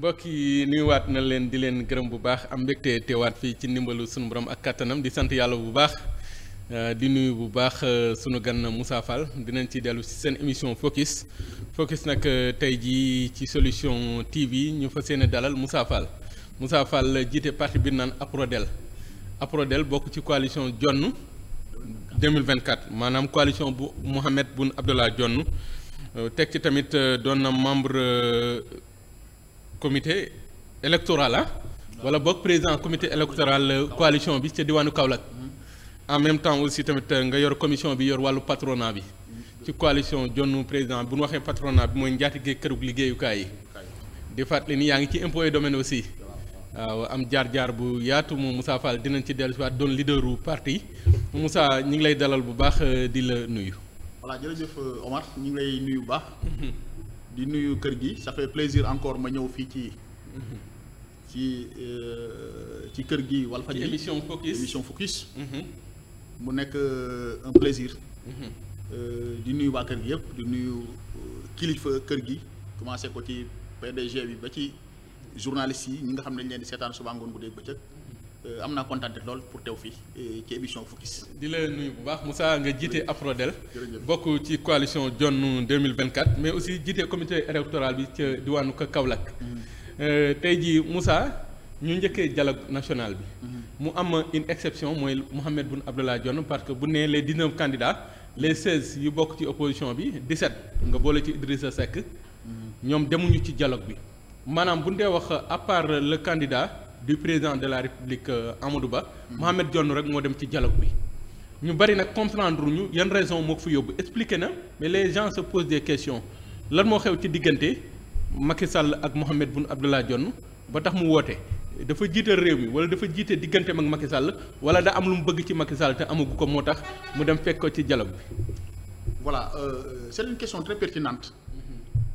mbokk yi nuyuwaat na leen di leen gërëm bu baax am mbégte teewaat fii ci ndimbalu sunu borom ak kattanam di sant yàlla bu baax euh, di nuyu bu baax euh, sunu gan Moussa Fall dinañ ci dellu si seen émission focus focus nag euh, tey jii ci solution TV ñu fa yéene dalal Moussa Fall Moussa jiite parti bi naan Aprodel Aprodel bokk ci coalition Jonn 2024 maanaam coalition bu Mohamed Boun Abdallah Jonn teg ci tamit doon na membre. comité électoral ah. wala boog président comité électoral euh, coalition bi ca diwaanu Kaolack. en même temps aussi tamit euh, nga yor commission bi yor wàllu patronat bi. ci coalition jonn président bu nu waxee patronat bi mooy njaatige kërug liggéeyukaay yi. di fàttali ni yaa ngi ci impôt et domaine aussi. waaw am jaar-jaar bu yaatu moom Moussa Fall dinañ ci dellu dellusiwaat doon leaderu parti Moussa ñu ngi lay dalal bu baax euh, di la nuyu. voilà jërëjëf Omar ñu ngi lay nuyu baax. di nuyu kër gi ça fait plaisir encore ma ñëw fii ci ci euh, ci kër gi Walfadjri émission focus émission focus mhm. mu nekk euh, un plaisir mhm. euh, di nuyu waa kër gi yëpp di nuyu kilifa kër gi commencé ko ci PDG bi ba ci journalistes yi ñi nga xam ne ñu leen di seetaan suba bu dee bëccëg Euh, am naa kontaan lool pour tew fii euh, ci émission Focus. di la nuyu bu baax Moussa nga jiite Afrodel. bokk ci coalition Jonn 2024 mais aussi jiite comité électoral bi ca diwaanu Kaolack. Mm-hmm. Euh, tey jii musaa ñu njëkkee dialogue national bi. Mm-hmm. mu am une exception mooy Mohamed Boun Abdallah Dionne parce que bu nee les 19 candidats les 16 yi bokk ci opposition bi 17 nga boole ci Idrissa Seck. Mm-hmm. ñoom demuñu ci dialogue bi maanaam bu ñu dee wax à part le candidat. du président de la république euh, Amadou Ba. Mohamed Dionne rek moo dem ci dialogue bi. ñu bari nag comprendre ñu yan raison moo ko fa yóbbu expliqué na mais les gens se posent des questions lan moo xew ci diggante Macky Sall ak Mohamed Boun Abdallah Dionne ba tax mu woote dafa jiital réew mi wala dafa jiite diggante ak Macky Sall wala da am lu mu bëgg ci Macky Sall te amagu ko moo tax mu dem fekk ko ci dialogue bi. voilà euh, c'est une question très pertinente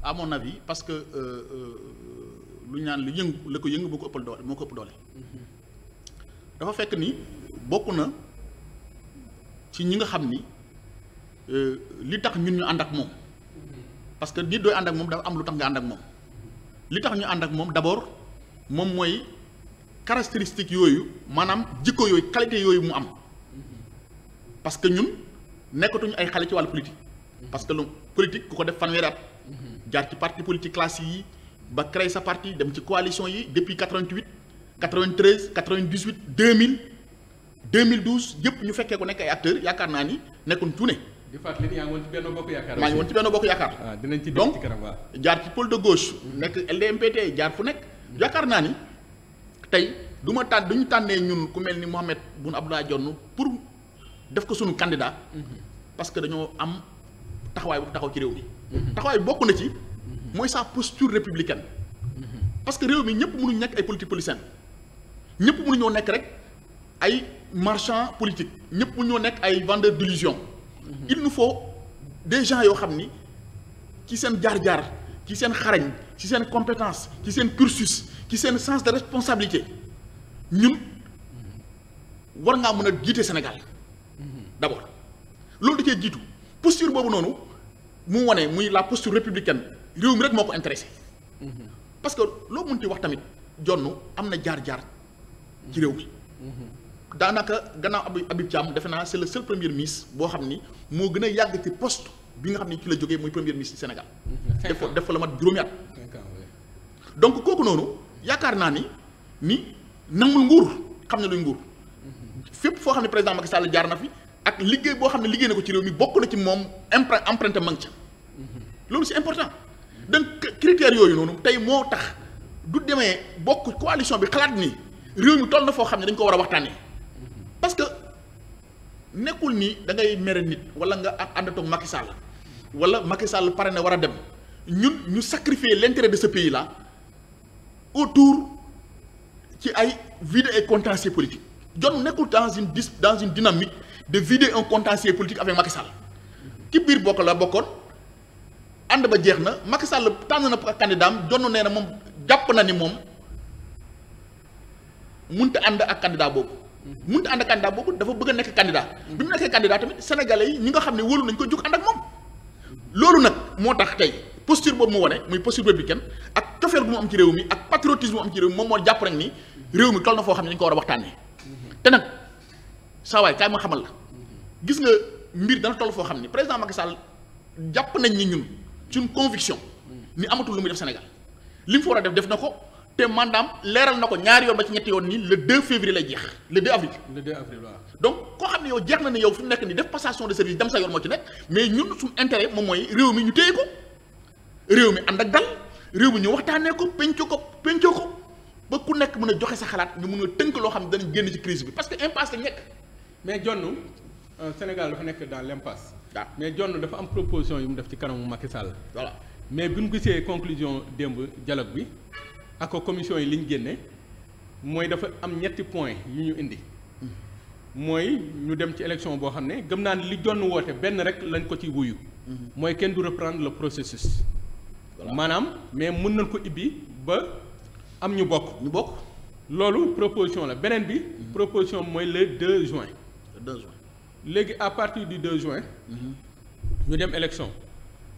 à mon avis que. Euh, euh lu ñaan lu yëngu la ko yëngu boo ko ëppal doole moo ko ëpp doole dafa fekk ni bokk na ci ñi nga xam ni euh, li tax ñun ñu ànd ak moom parce que nit dooy ànd ak moom dafa am lu tax nga ànd ak moom li tax ñu ànd ak moom d'abord moom mooy caractéristique yooyu maanaam jikko yooyu qualité yooyu mu am parce que ñun nekkatuñu ay xale ci wàll politique parce que lu politique ku ko def fanweeri at mhm. jaar ci parti politique classique yi ba créer a parti dem ci coalition yi depuis 88 93 98 2000 2012 yëpp ñu fekkee ko nekk ay acteurs yaakaar naa ni nekkuñ tuune. di fàttali ni yaa benn bokk yaakaar. maa ngi woon ci benn bokk yaakaar. ah dinañ ci dem ci kanam waaw donc jaar ci pôle de gauche. nekk LDMPT jaar fu nekk. yaakaar naa ni tey du ma tànn du ñu tànnee ñun ku mel ni Mohamed Boun Abdallah Dionne pour def ko suñu candidat. Mhm. parce que dañoo am taxawaay bu taxaw ci réew mi. Mhm. taxawaay bokk na ci. mooy sa posture républicaine parce que réew mi ñëpp mënuñ nekk ay politique politicienne ñëpp mënuñoo nekk rek ay marchand politique ñëpp mënuñoo nekk ay vendeur d'illusion mhm. il nous foo des gens yoo xam ni ci seen jaar-jaar ci seen xarañ ci seen compétence ci seen cursus ci seen sens de responsabilité ñun war ngaa mun a jiite Sénégal mhm. d'abord loolu da cee jiitu posture boobu noonu mu wane muy la posture républicaine réew mi rek moo ko intéressé. Mhm. parce que loo mun mënti wax tamit jonn am na jaar-jaar ci réew mi. Mhm. daanaka gannaaw Habib Habib Thiam defe naa c'est le seul premier ministre boo xam ni moo gën a yàgg ci post bi nga xam ni ci la jógee muy premier ministre Sénégal. Mhm. def ko def ko la mat juróomi at. donc kooku noonu yaakaar naa ni ni nangul nguur xam ne luy nguur. fépp foo xam ne président Macky Sall jaar na fi ak liggéey boo xam ne liggéey na ko ci réew mi bokk na ci moom empr emprunté mang ca loolu important. donc critères yooyu noonu tey moo tax du demee bokk coalition bi xalaat nii réew mi toll na foo xam ne dañ ko war a waxtaanee parce que nekkul ni da ngay mere nit wala nga àndatoog Macky Sall wala Macky Sall pare na war a dem ñun ñu sacrifier l'intérêt de ce la là autour ci ay vider ay contentieux politique jon nekkul dans une dis dans une dynamique de vider un contentieux politique avec Macky Sall ci biir bokk la bokkoon. ànd ba jeex na Macky Sall tànn na candidat am jonn nee na moom jàpp na ni moom mënut a ànd ak candidat boobu. mun a ànd ak candidat boobu dafa bëgg a nekk candidat. bi mu nekkee candidat tamit sénégalais yi ñi nga xam ne wóolu nañ ko jug ànd ak moom. loolu nag moo tax tey posture boobu mu wane muy posture républicaine ak cofeel gu mu am ci réew mi ak patriotisme mu am ci réew mi moom moo jàpp rek ni réew mi toll na foo xam ne dañ ko war a waxtaanee. te nag saa xamal la. gis nga mbir dana toll foo xam ne président Macky Sall jàpp nañ ni ñun. ci une conviction ni amatul lu muy def Sénégal li foo war a def def na ko te mandaam leeral na ko ñaari yoon ba ci ñetti yoon nii le 2 février lay jeex le 2 avril. le 2 avril waaw. donc koo xam ne yow jeex na ne yow fi mu nekk nii def passation de service dem sa yoon moo ci nekk mais ñun suñu intérêt moom mooy réew mi ñu téye ko réew mi ànd ak dal réew mi ñu waxtaanee ko penco ko penco ko ba ku nekk mën a joxe sa xalaat ñu mun a tënk loo xam ne danañ génn ci crise bi parce que impasse lañ nekk. mais jonn euh, Sénégal dafa nekk dans l' impasse. waaw ah. mais John dafa am proposition yu mu def ci kanamu Macky Sall. mais bu ñu gisee conclusion démb dialogue bi ak commission yi li ñu génne mooy dafa am ñetti point yu ñu indi. mooy ñu dem ci élection boo xam ne gëm naa ne li John woote benn rek lañ ko ci wuyu. Mhm. mooy kenn du reprendre la processus. maanaam mais mën nañ ko ibbi ba am ñu bokk. ñu bokk loolu proposition la beneen bi. Mhm. proposition mooy le 2 juin. juin. léegi à partir du 2 juin. Mm-hmm. ñu dem élection.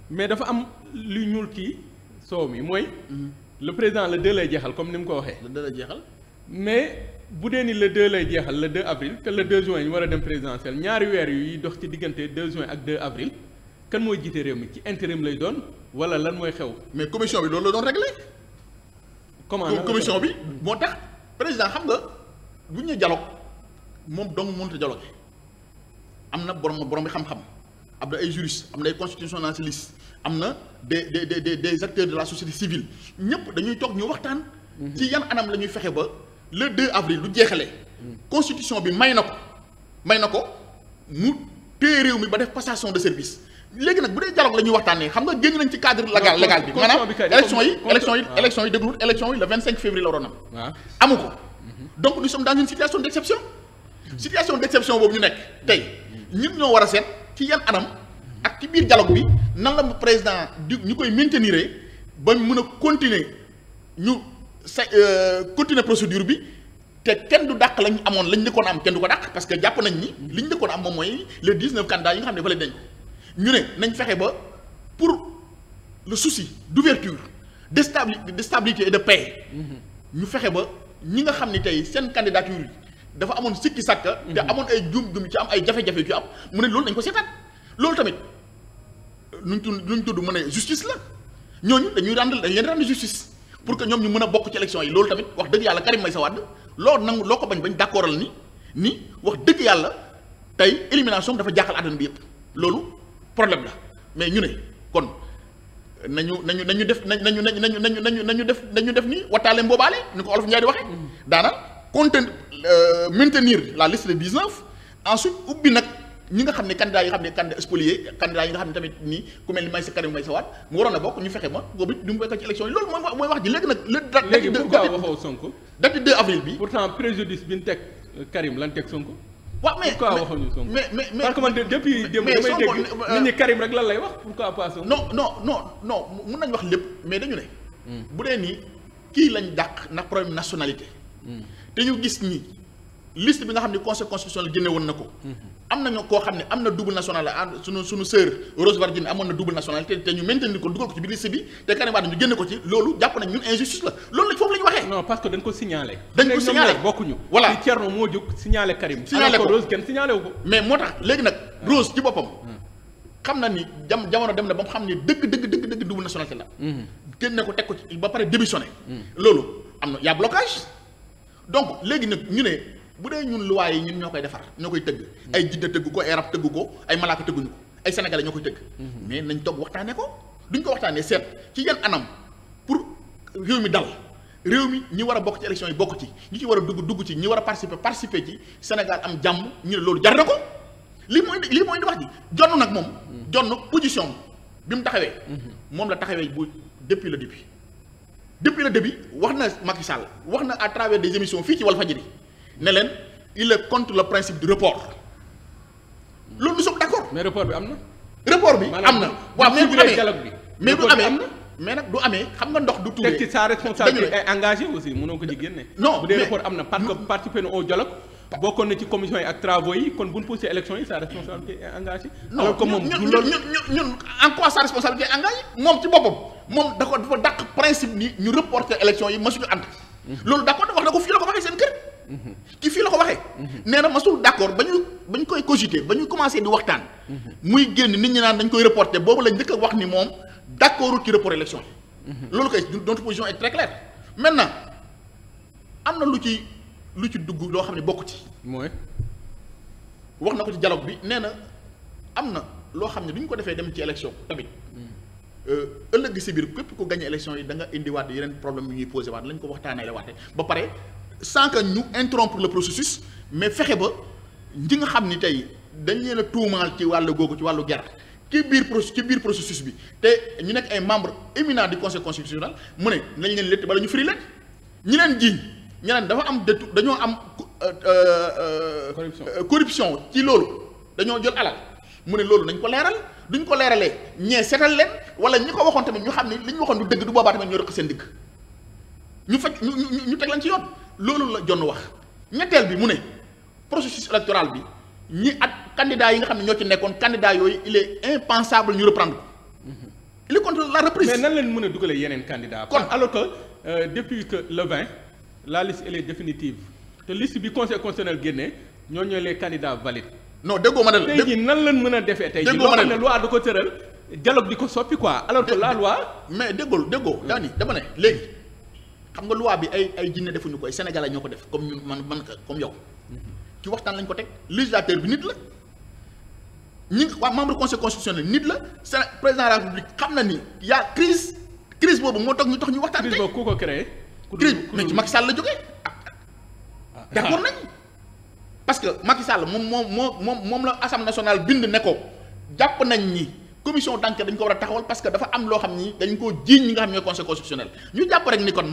mais dafa am lu ñuul kii soow mi mooy. Mm-hmm. le président le 2 lay jeexal comme ni mu ko waxee. le 2 lay jeexal. mais bu dee ni le 2 lay jeexal le 2 avril te le 2 juin ñu war a dem présidentiel ñaari weer yuy dox ci diggante 2 juin ak 2 avril kan mooy jiite réew mi ci intérim lay doon wala lan mooy xew. mais commission bi loolu la doon réglé. comment commission bi moo tax président xam nga bu ñu dialogue moom dong mënut a am na borom borom bi xam-xam am na ay juristes am na ay constitutionnalistes am na des des de la société civile ñëpp dañuy toog ñu waxtaan. Mhm. ci yan anam la ñuy fexe ba le 2 avril lu jeexalee. Mhm. constitution bi may na ko may na ko mu téye réew mi ba def passation de service. léegi nag bu dee dialogue la ñuy waxtaanee xam nga génn nañ ci cadre légal légal bi maanaam élection yi élection yi élection yi dégluwul élection yi le 25 février la waroon am mhm. donc nous sommes dans une ñu nekk tey ñun ñoo war a seet ci yan anam ak ci biir dialogue bi nan la président di ñu koy maintenir ba mun a continuer ñu sa euh, continuer procédure bi te kenn du dàq lañ amoon lañ njëkkoon am kenn du ko dàq parce que jàpp nañ ni li liñ njëkkoon am moom mooy les dix-neuf candidats yi nga xam ne dafa leen dañ ko ñu ne nañ fexe ba pour le souci d'ouverture de stabilité de de paix mm-hmm. ñu fexe ba ñi nga xam ni tey seen candidature yi dafa amoon sikki sàkka te mhm. amoon ay juum-juum ci am ay jafe-jafe ci am mu ne loolu dañ ko seetaan loolu tamit nuñ tudd nuñ tudd mën a justice la ñooñu dañuy rendre dañ leen rendre justice pour que ñoom ñu mën a bokk ci élection yi loolu tamit wax dëgg yàlla Karim Meïssa Wade loolu nangu loo ko bañ bañ d'accordal ni nii wax dëgg yàlla tey élimination dafa jaaxal àdduna bi yëpp loolu problème la mais ñu ne kon nañu nañu nañu def nañu nañu nañu nañu nañu nañu def nañu def ni wattaale mboobaale ni ko o Njaay di waxe mm. daana content Euh, maintenir la liste de 19 ensuite ubbi nag ñi nga xam ne candidats yi nga xam ne candidat spolié yi nga xam ne tamit nii ku mel ni may sa kanam may sa waat mu waroon a bokk ñu fexe ma boobu du mu bokk ci élection yi loolu mooy mooy wax ji léegi nag le date léegi pourquoi waxoo Sonko date du 2 avril bi pourtant préjudice bi ñu teg euh, Karim lan teg Sonko waaw mais pourquoi waxuñu Sonko mais mais mais parce que man depuis démb damay dégg euh, nit ñi Karim rek lan lay wax pourquoi pas Sonko non non non non mun nañu dañu gis ni liste bi nga xam ne conseil constitutionnel génne woon na ko. Mhm. am na ñoo koo xam ne am na double nationalité ah sunu sunu sœur Rose Wardini amoon na double nationalité te ñu maintenir ko dugal ko ci biir liste bi te Karim Wade ñu génne ko ci loolu jàpp nañ ñun injustice la loolu la foofu la ñu waxee. non parce que dañ ko signalé. dañ ko signalé bokkuñu. voilà ci Thierno moo jóg signalé Karim. signalé ko Rose kenn signalé wu ko. mais moo tax léegi nag ah. Rose ci boppam. Hmm. xam na ni jam jamono dem na ba mu xam ne dëgg dëgg dëgg dëgg double nationalité la. Hmm. génne ko teg ko ba pare démissionné. Hmm. loolu am na y' donc léegi nag ñu ne bu dee ñun luwaay yi ñun ñoo koy defar ñoo koy tëgg ay jinne tëgg ko ay rab tëgg ko ay malaaka tëgguñu ko ay sénégalais ñoo koy tëgg mhm. mais nañ toog waxtaanee ko duñ ko waxtaanee seet ci yan anam pour réew mi dal réew mi ñi war a bokk ci élection yi bokk ci ñi ci war a dugg dugg ci ñi war a participer participer ci Sénégal am jàmm ñu ne loolu jar na ko li mooy lii mooy di wax ji jonn nag moom mhm. jonn position bi mu taxawee mhm. moom la taxawee bu depuis le début depuis le début wax na Macky Sall wax na à travers des émissions fii ci Walfadjri ne leen il est contre le principe du report loolu nous sommes d' accord. mais report bi am na. report bi am na. waaw mais du amee mais du amee mais nag du amee xam nga ndox du. tuuree teg ci sa responsabilité est engagée aussi mënoo ko ci génne. non bu dee report am na parce que participer na au dialogue bokkoon na ci commission yi ak travaux yi kon bu ñu posé élection yi sa responsabilité est engagée. alors que moom du loolu ñun ñun en quoi sa responsabilité est engagée moom ci boppam moom da ko dafa dàq principe ni ñu reporter élection yi masuñu ànd. loolu d' accord wax na ko fii la ko waxee seen kër. ci fii la ko waxee. nee na masul d' accord ba ñu ba ñu koy cogiter ba ñu commencé di waxtaan. muy génn nit ñi naan dañ koy reporter boobu lañ njëkk a wax ni moom d' accord ci report élection yi. loolu kay notre position est très claire maintenant am na lu ci. lu ci dugg loo xam ne bokku ci. mooy. wax na ko ci dialogue bi nee na am na loo xam ne du ñu ko defee dem ci élection tamit hmm. euh, ëllëg si biir képp ku gagné élection yi da nga indiwaat yeneen problème yu ñuy posé waat lañ ko waxtaanee waate ba pare sans que ñu interrompre le processus mais fexe ba ñi nga xam ni tey dañ leen a tuumaal ci wàllu googu ci wàllu gerte ci biir pro ci biir processus bi te ñu nekk ay membre éminent du conseil constitutionnel mu ne nañ leen létt bala ñu firi leen ñi leen jiiñ ñu naan dafa am détu dañoo am. Euh, euh, corruption euh, corruption ci loolu dañoo jël alal mu ne loolu nañ ko leeral duñ ko leeralee ñee seetal leen wala ñi ko waxoon tamit ñu xam ne li ñu waxoon du dëgg du boobaa tamit ñu rëq seen digg ñu faj ñu ñu ñu teg lañ ci yoon loolu la jonn wax ñetteel bi mu ne processus électoral bi ñi ak candidats yi nga xam ne ñoo ci nekkoon candidats yooyu il est impensable ñu reprendre ko. il est contre la reprise. mais nan leen mën a dugalee yeneen candidats. kon alors que depuis que le 20. la liste elle est définitive te liste bi conseil constitutionnel génnee ñoo ñooy les candidats valides. non déggoo ma ne la tey jii nan lañ mën a defee tey jii loo xam ne loi da ko tëral dialogue di ko soppi quoi alors que la loi. mais déggoo déggoo daani dama ne léegi xam nga loi bi ay ay jinne defuñu ko ay sénégalais ñoo ko def comme ñun man man comme yow mhm. ci waxtaan lañ ko teg législateur bi nit la. ñi waa membre conseil constitutionnel nit la seen président de la république xam na ni y' a crise crise boobu moo tax ñu tax ñu waxtaan. crise boobu ku ko créé. crime mais ci Macky Sall la jógee ah, d'accord nañ parce que Macky Sall moom moom moom moom moom la assemblée nationale bind ne ko jàpp nañ ni commission d'enquête dañ ko war a taxawal parce que dafa am loo xam ni dañ koo jiiñ ñi nga xam ñooy conseil constitutionnel ñu jàpp rek ni kon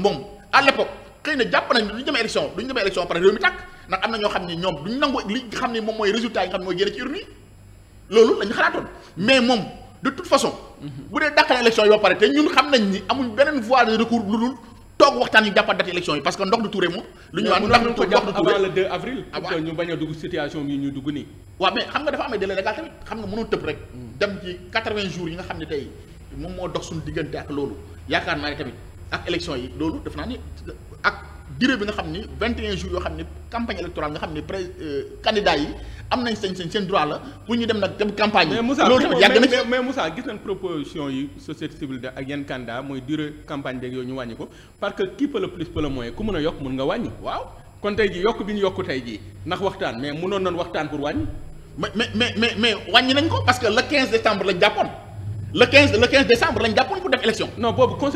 à l'époque xëy na jàpp nañ duñu demee élection am na ñoo xam ni ñoom duñu nangu li nga xam ni moom mooy résultat yi nga xam ne mooy génn ci urne loolu lañu xalaatoon mais moom de toute façon mhm. bu dee dàq na élection yi ba pare te ñun xam nañ ñi amuñ beneen voie de recours lu dul toog waxtaan ñu jàppaat date élection yi parce que ndox du Touré moom. lu ñu naan ndox du Touré avant le 2 avril. pour ah, ñu bañ a dugg situation bi ñu dugg nii. waaw mais xam nga dafa amee délai légal tamit xam nga mënoo tëb rek. Hmm. dem ci 80 jours yi nga xam ne tey moom moo dox suñu diggante ak loolu yaakaar naa ne tamit ak élection yi loolu def naa ni ak durée bi nga xam ni 21 jours yoo xam ne campagne électorale nga xam ne pré euh, candidats yi am nañ sañ-sañ seen droit la pour ñu dem nag dem campagne yi. loolu tamit yàgg na ci mais Moussa yokk mën nga ndax waxtaan mais mënoon nañ waxtaan pour wàññi. mais mais mais mais wàññi nañ ko parce que le 15 décembre lañ jàppoon le 15 le 15 décembre lañ kon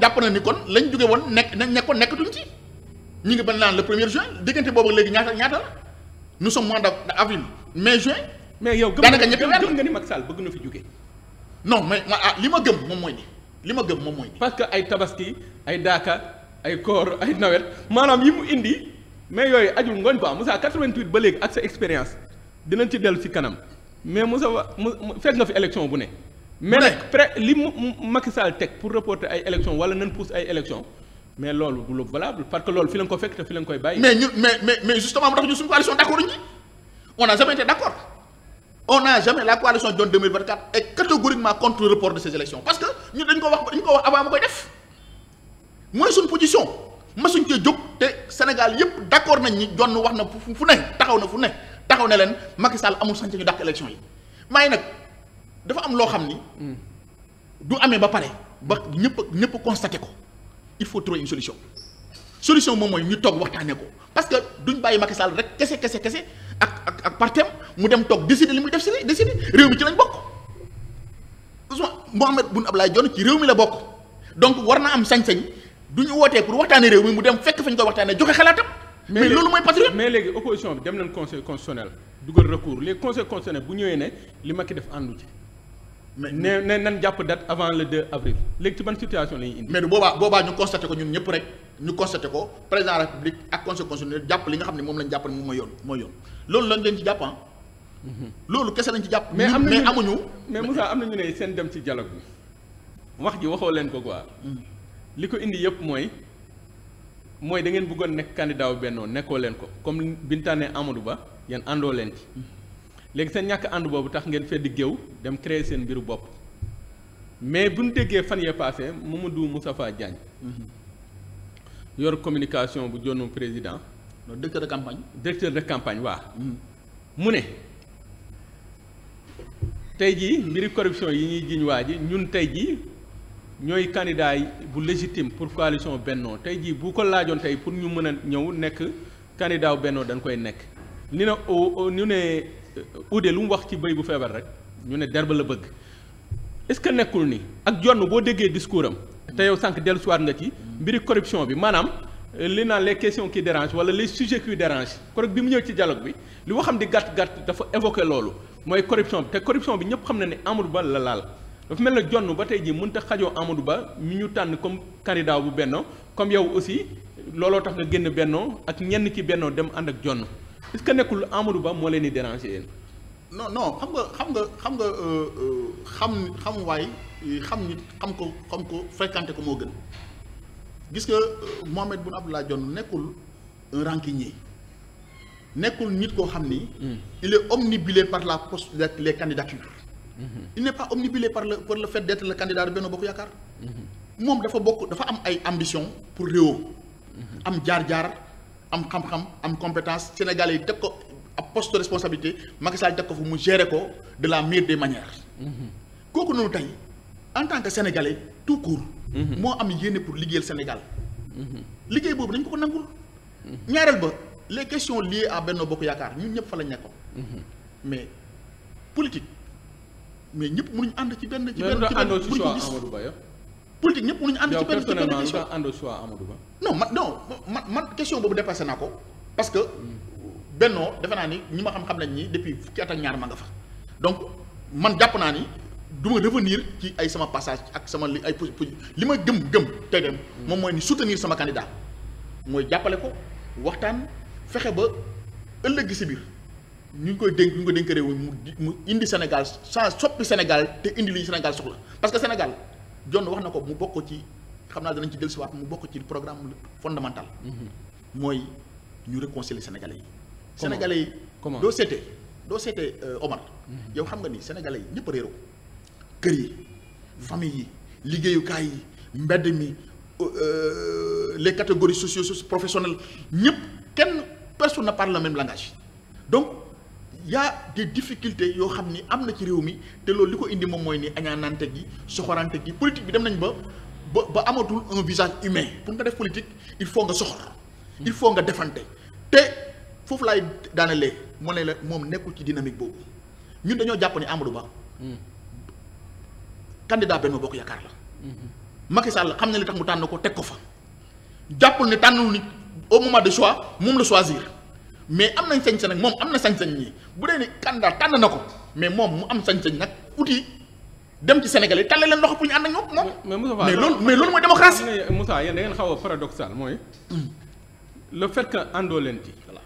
jàpp na ni kon lañ jóge woon nekk nekkoon nekkatuñ ci. ñu ngi ban naan le premier juin diggante boobu léegi ñaata ñaata la nous sommes mois d'avril mais juin. mais yow daanaka ñetti weer gëm nga ni Macky Sall bëgg na fi jóge non mais ma ah li ma gëm moom mooy li ma gëm moom mooy parce que ay tabaski ay daaka ay koor ay nawet maanaam yi mu indi mais yooyu ajul ngooñ am ba Moussa 88 ba léegi ak sa expérience dinañ ci dellu ci kanam mais mu Moussa mu fekk nga fi élection bu ne. mais nag pré li mu Macky Sall teg pour reporter ay élection wala nan pousse ay élection mais loolu du lu valable parce que loolu fi la nga ko fekk te fi la nga koy bàyyi. mais mais justement mu tax ñu suñu on n'a jamais été d' on n'a jamais la coalition Dionne 2024 est catégoriquement contre le report ko wax dañ ko wax avant mu koy def mooy suñu jóg te Sénégal yëpp accord nañ ni Dionne wax na fu ne taxaw na fu ne taxaw ne leen Macky Sall amul sañ ñu dàq élection yi maay nag dafa am loo xam ni. Hmm. du amee ba pare ba ñëpp ñëpp constaté ko. il faut trouver une solution solution moom mooy ñu toog waxtaanee ko parce que duñ bàyyi Macky Sall rek kese kese kese ak ak partem mu dem toog décider li muy def si décider réew mi ci lañ bokk Ousmane Mohamed Boun Abdallah Dionne ci réew mi la bokk donc war na am sañ-sañ du ñu wootee mu dem fekk fa ñu koy waxtaanee joxe xalaatam. mais loolu mooy patriote mais léegi opposition bi dem nañ conseil constitutionnel dugal recours les conseil constitutionnel bu ñëwee ne li Macky def àndu ci. mais ne ne nan jàpp date avant le 2 avril léegi ci ban situation la ñuy indi. mais du boobaa ñu constaté ko ñun ñëpp rek ñu constaté ko président république ak conseil constitutionnel jàpp li nga xam ne moom lañ jàpp ne moom mooy yoon mooy yoon loolu lañ leen ci jàpp ah. mm-hmm. loolu kese lañ ci jàpp. mais am mais amuñu. mais Moussa am na ñu ne seen dem ci dialogue bi wax ji waxoo leen ko quoi. Mm. li ko indi yëpp mooy mooy da ngeen bëggoon nekk candidat wu Benno nekkoo leen ko comme bi ñu tànnee Amadou Ba yéen àndoo leen léegi seen ñàkk ànd boobu tax ngeen feddi géew dem créer seen mbiru bopp mais bu ñu déggee fan yee passé Mamadou Moustapha Diagne mm-hmm. yor communication bu jonn président directeur de campagne directeur de campagne waa mm-hmm. mu ne tey jii mbiri corruption yi ñuy jiñ waa ji ñun tey jii ñooy candidat yi bu légitime pour coalition bennoo tey jii bu ko laajoon tey pour ñu mën a ñëw nekk candidat bennoo dañ koy nekk ni na ñu ne uude euh, lu mu wax ci béy bu feebar rek ñu ne derba la bëgg est-ce que nekkul ni ak jonn boo déggee discours am te yow sànq dellu siwaat nga ci mbiri corruption bi maanaam euh, li naan les question qui dérangent wala les sujets qui dérangent correct bi mu ñëw ci dialogue bi li waxam di gàtt gàtt dafa évoqué loolu mooy corruption bi te corruption bi ñëpp xam na ne Amadou Ba la laal dafa mel na jonn ba tey jii mënut a xajoo Amadou Ba mu ñu tànn comme candidat bu Benno comme yow aussi looloo tax génn Benno ak ñenn ci Benno dem ànd ak jonn est-ce que nekkul Amadou Ba moo leen di déranger yéen. non non xam nga xam nga xam nga euh, euh, xam xam waay xam nit xam ko xam ko fréquenté ko moo gën gis nga euh, Mohamed Boun Abdallah Dionne nekkul un rancunier nekkul nit koo xam ni. Hmm. il est omnibulé par la poste les candidatures. Hmm. il n'est pas omnibulé par le par le fait d'être le candidat de Benno Bokk Yaakaar. Hmm. moom dafa bokk dafa am ay ambition pour réew am jaar-jaar. am xam-xam am compétence Sénégalais yi teg ko ab poste de responsabilité Macky Sall teg ko fu mu gérer ko de la meilleure de manières. Mm-hmm. kooku noonu tey en tant que sénégalais tout court. Mm-hmm. moo am yéene pour liggéeyal Sénégal. Mm-hmm. liggéey boobu dañ ko ko nangul. ñaareel ba les questions liées à Benno Bokk Yaakaar ñun ñëpp fa la ñu nekkoon. mais politique mais mu mënuñ ànd ci benn. ci benn ci benn mënuñ gis politique ñëpp mënuñu ànd ci benn ci benn question ànd choix Amadou Ba non man non man man question boobu dépassé naa ko parce que hmm. bennoo defe naa ni ñi ma xam-xam nañ ni depuis fukki at ak ñaar ma nga fa donc man jàpp naa ni du ma revenir ci ay sama passage ak sama li ay li ma gëm gëm tey dem hmm. moom mooy ni soutenir sama candidat mooy jàppale ko waxtaan fexe ba ëllëg si biir ñu ngi koy dénk ñu ngi koy dénk réew mu indi Sénégal sans soppi Sénégal te indi li Sénégal soxla parce que Sénégal John wax na ko mu bokk ci xam naa danañ ci dellusiwaat mu bokk ci programme fondamental mm-hmm. mooy ñu réconcilier sénégalais yi. sénégalais yi doo seetee doo seetee euh, Omar. Mm-hmm. yow xam nga nii sénégalais yi ñëpp a réeroo kër yi famille yi liggéeyukaay yi mbedd mi euh, euh, les catégories socio professionnelles ñëpp kenn personne ne parle le même langage donc. yaa a des difficultés yoo xam ni am na ci réew mi te loolu li ko indi moom mooy ni añaanante gi soxorante gi politique bi dem nañ ba ba ba amatul un visage humain pour nga def politique il faut nga soxor. il faut nga defante te foofu laay daanalee moo ne la moom nekkul ci dynamique boobu ñun dañoo jàpp ni Amadou Ba. Hmm. candidat Benno Bokk Yaakaar la. Hmm. Macky la xam na li tax mu tànn ko teg ko fa jàppul ne tànnul ni au moment de choix moom la choisir mais am nañ sañ-sañ moom am na sañ-sañ bu dee ni candidat tànn na ko mais moom mu am sañ-sañ nag outil dem ci Sénégal yi tàllal leen loxo bu ñu ànd ak ñoom moom. mais Moussa mais loolu mais loolu mooy démocratie. Moussa yéen da ngeen a paradoxal mooy. le fait que àndoo leen ci. voilà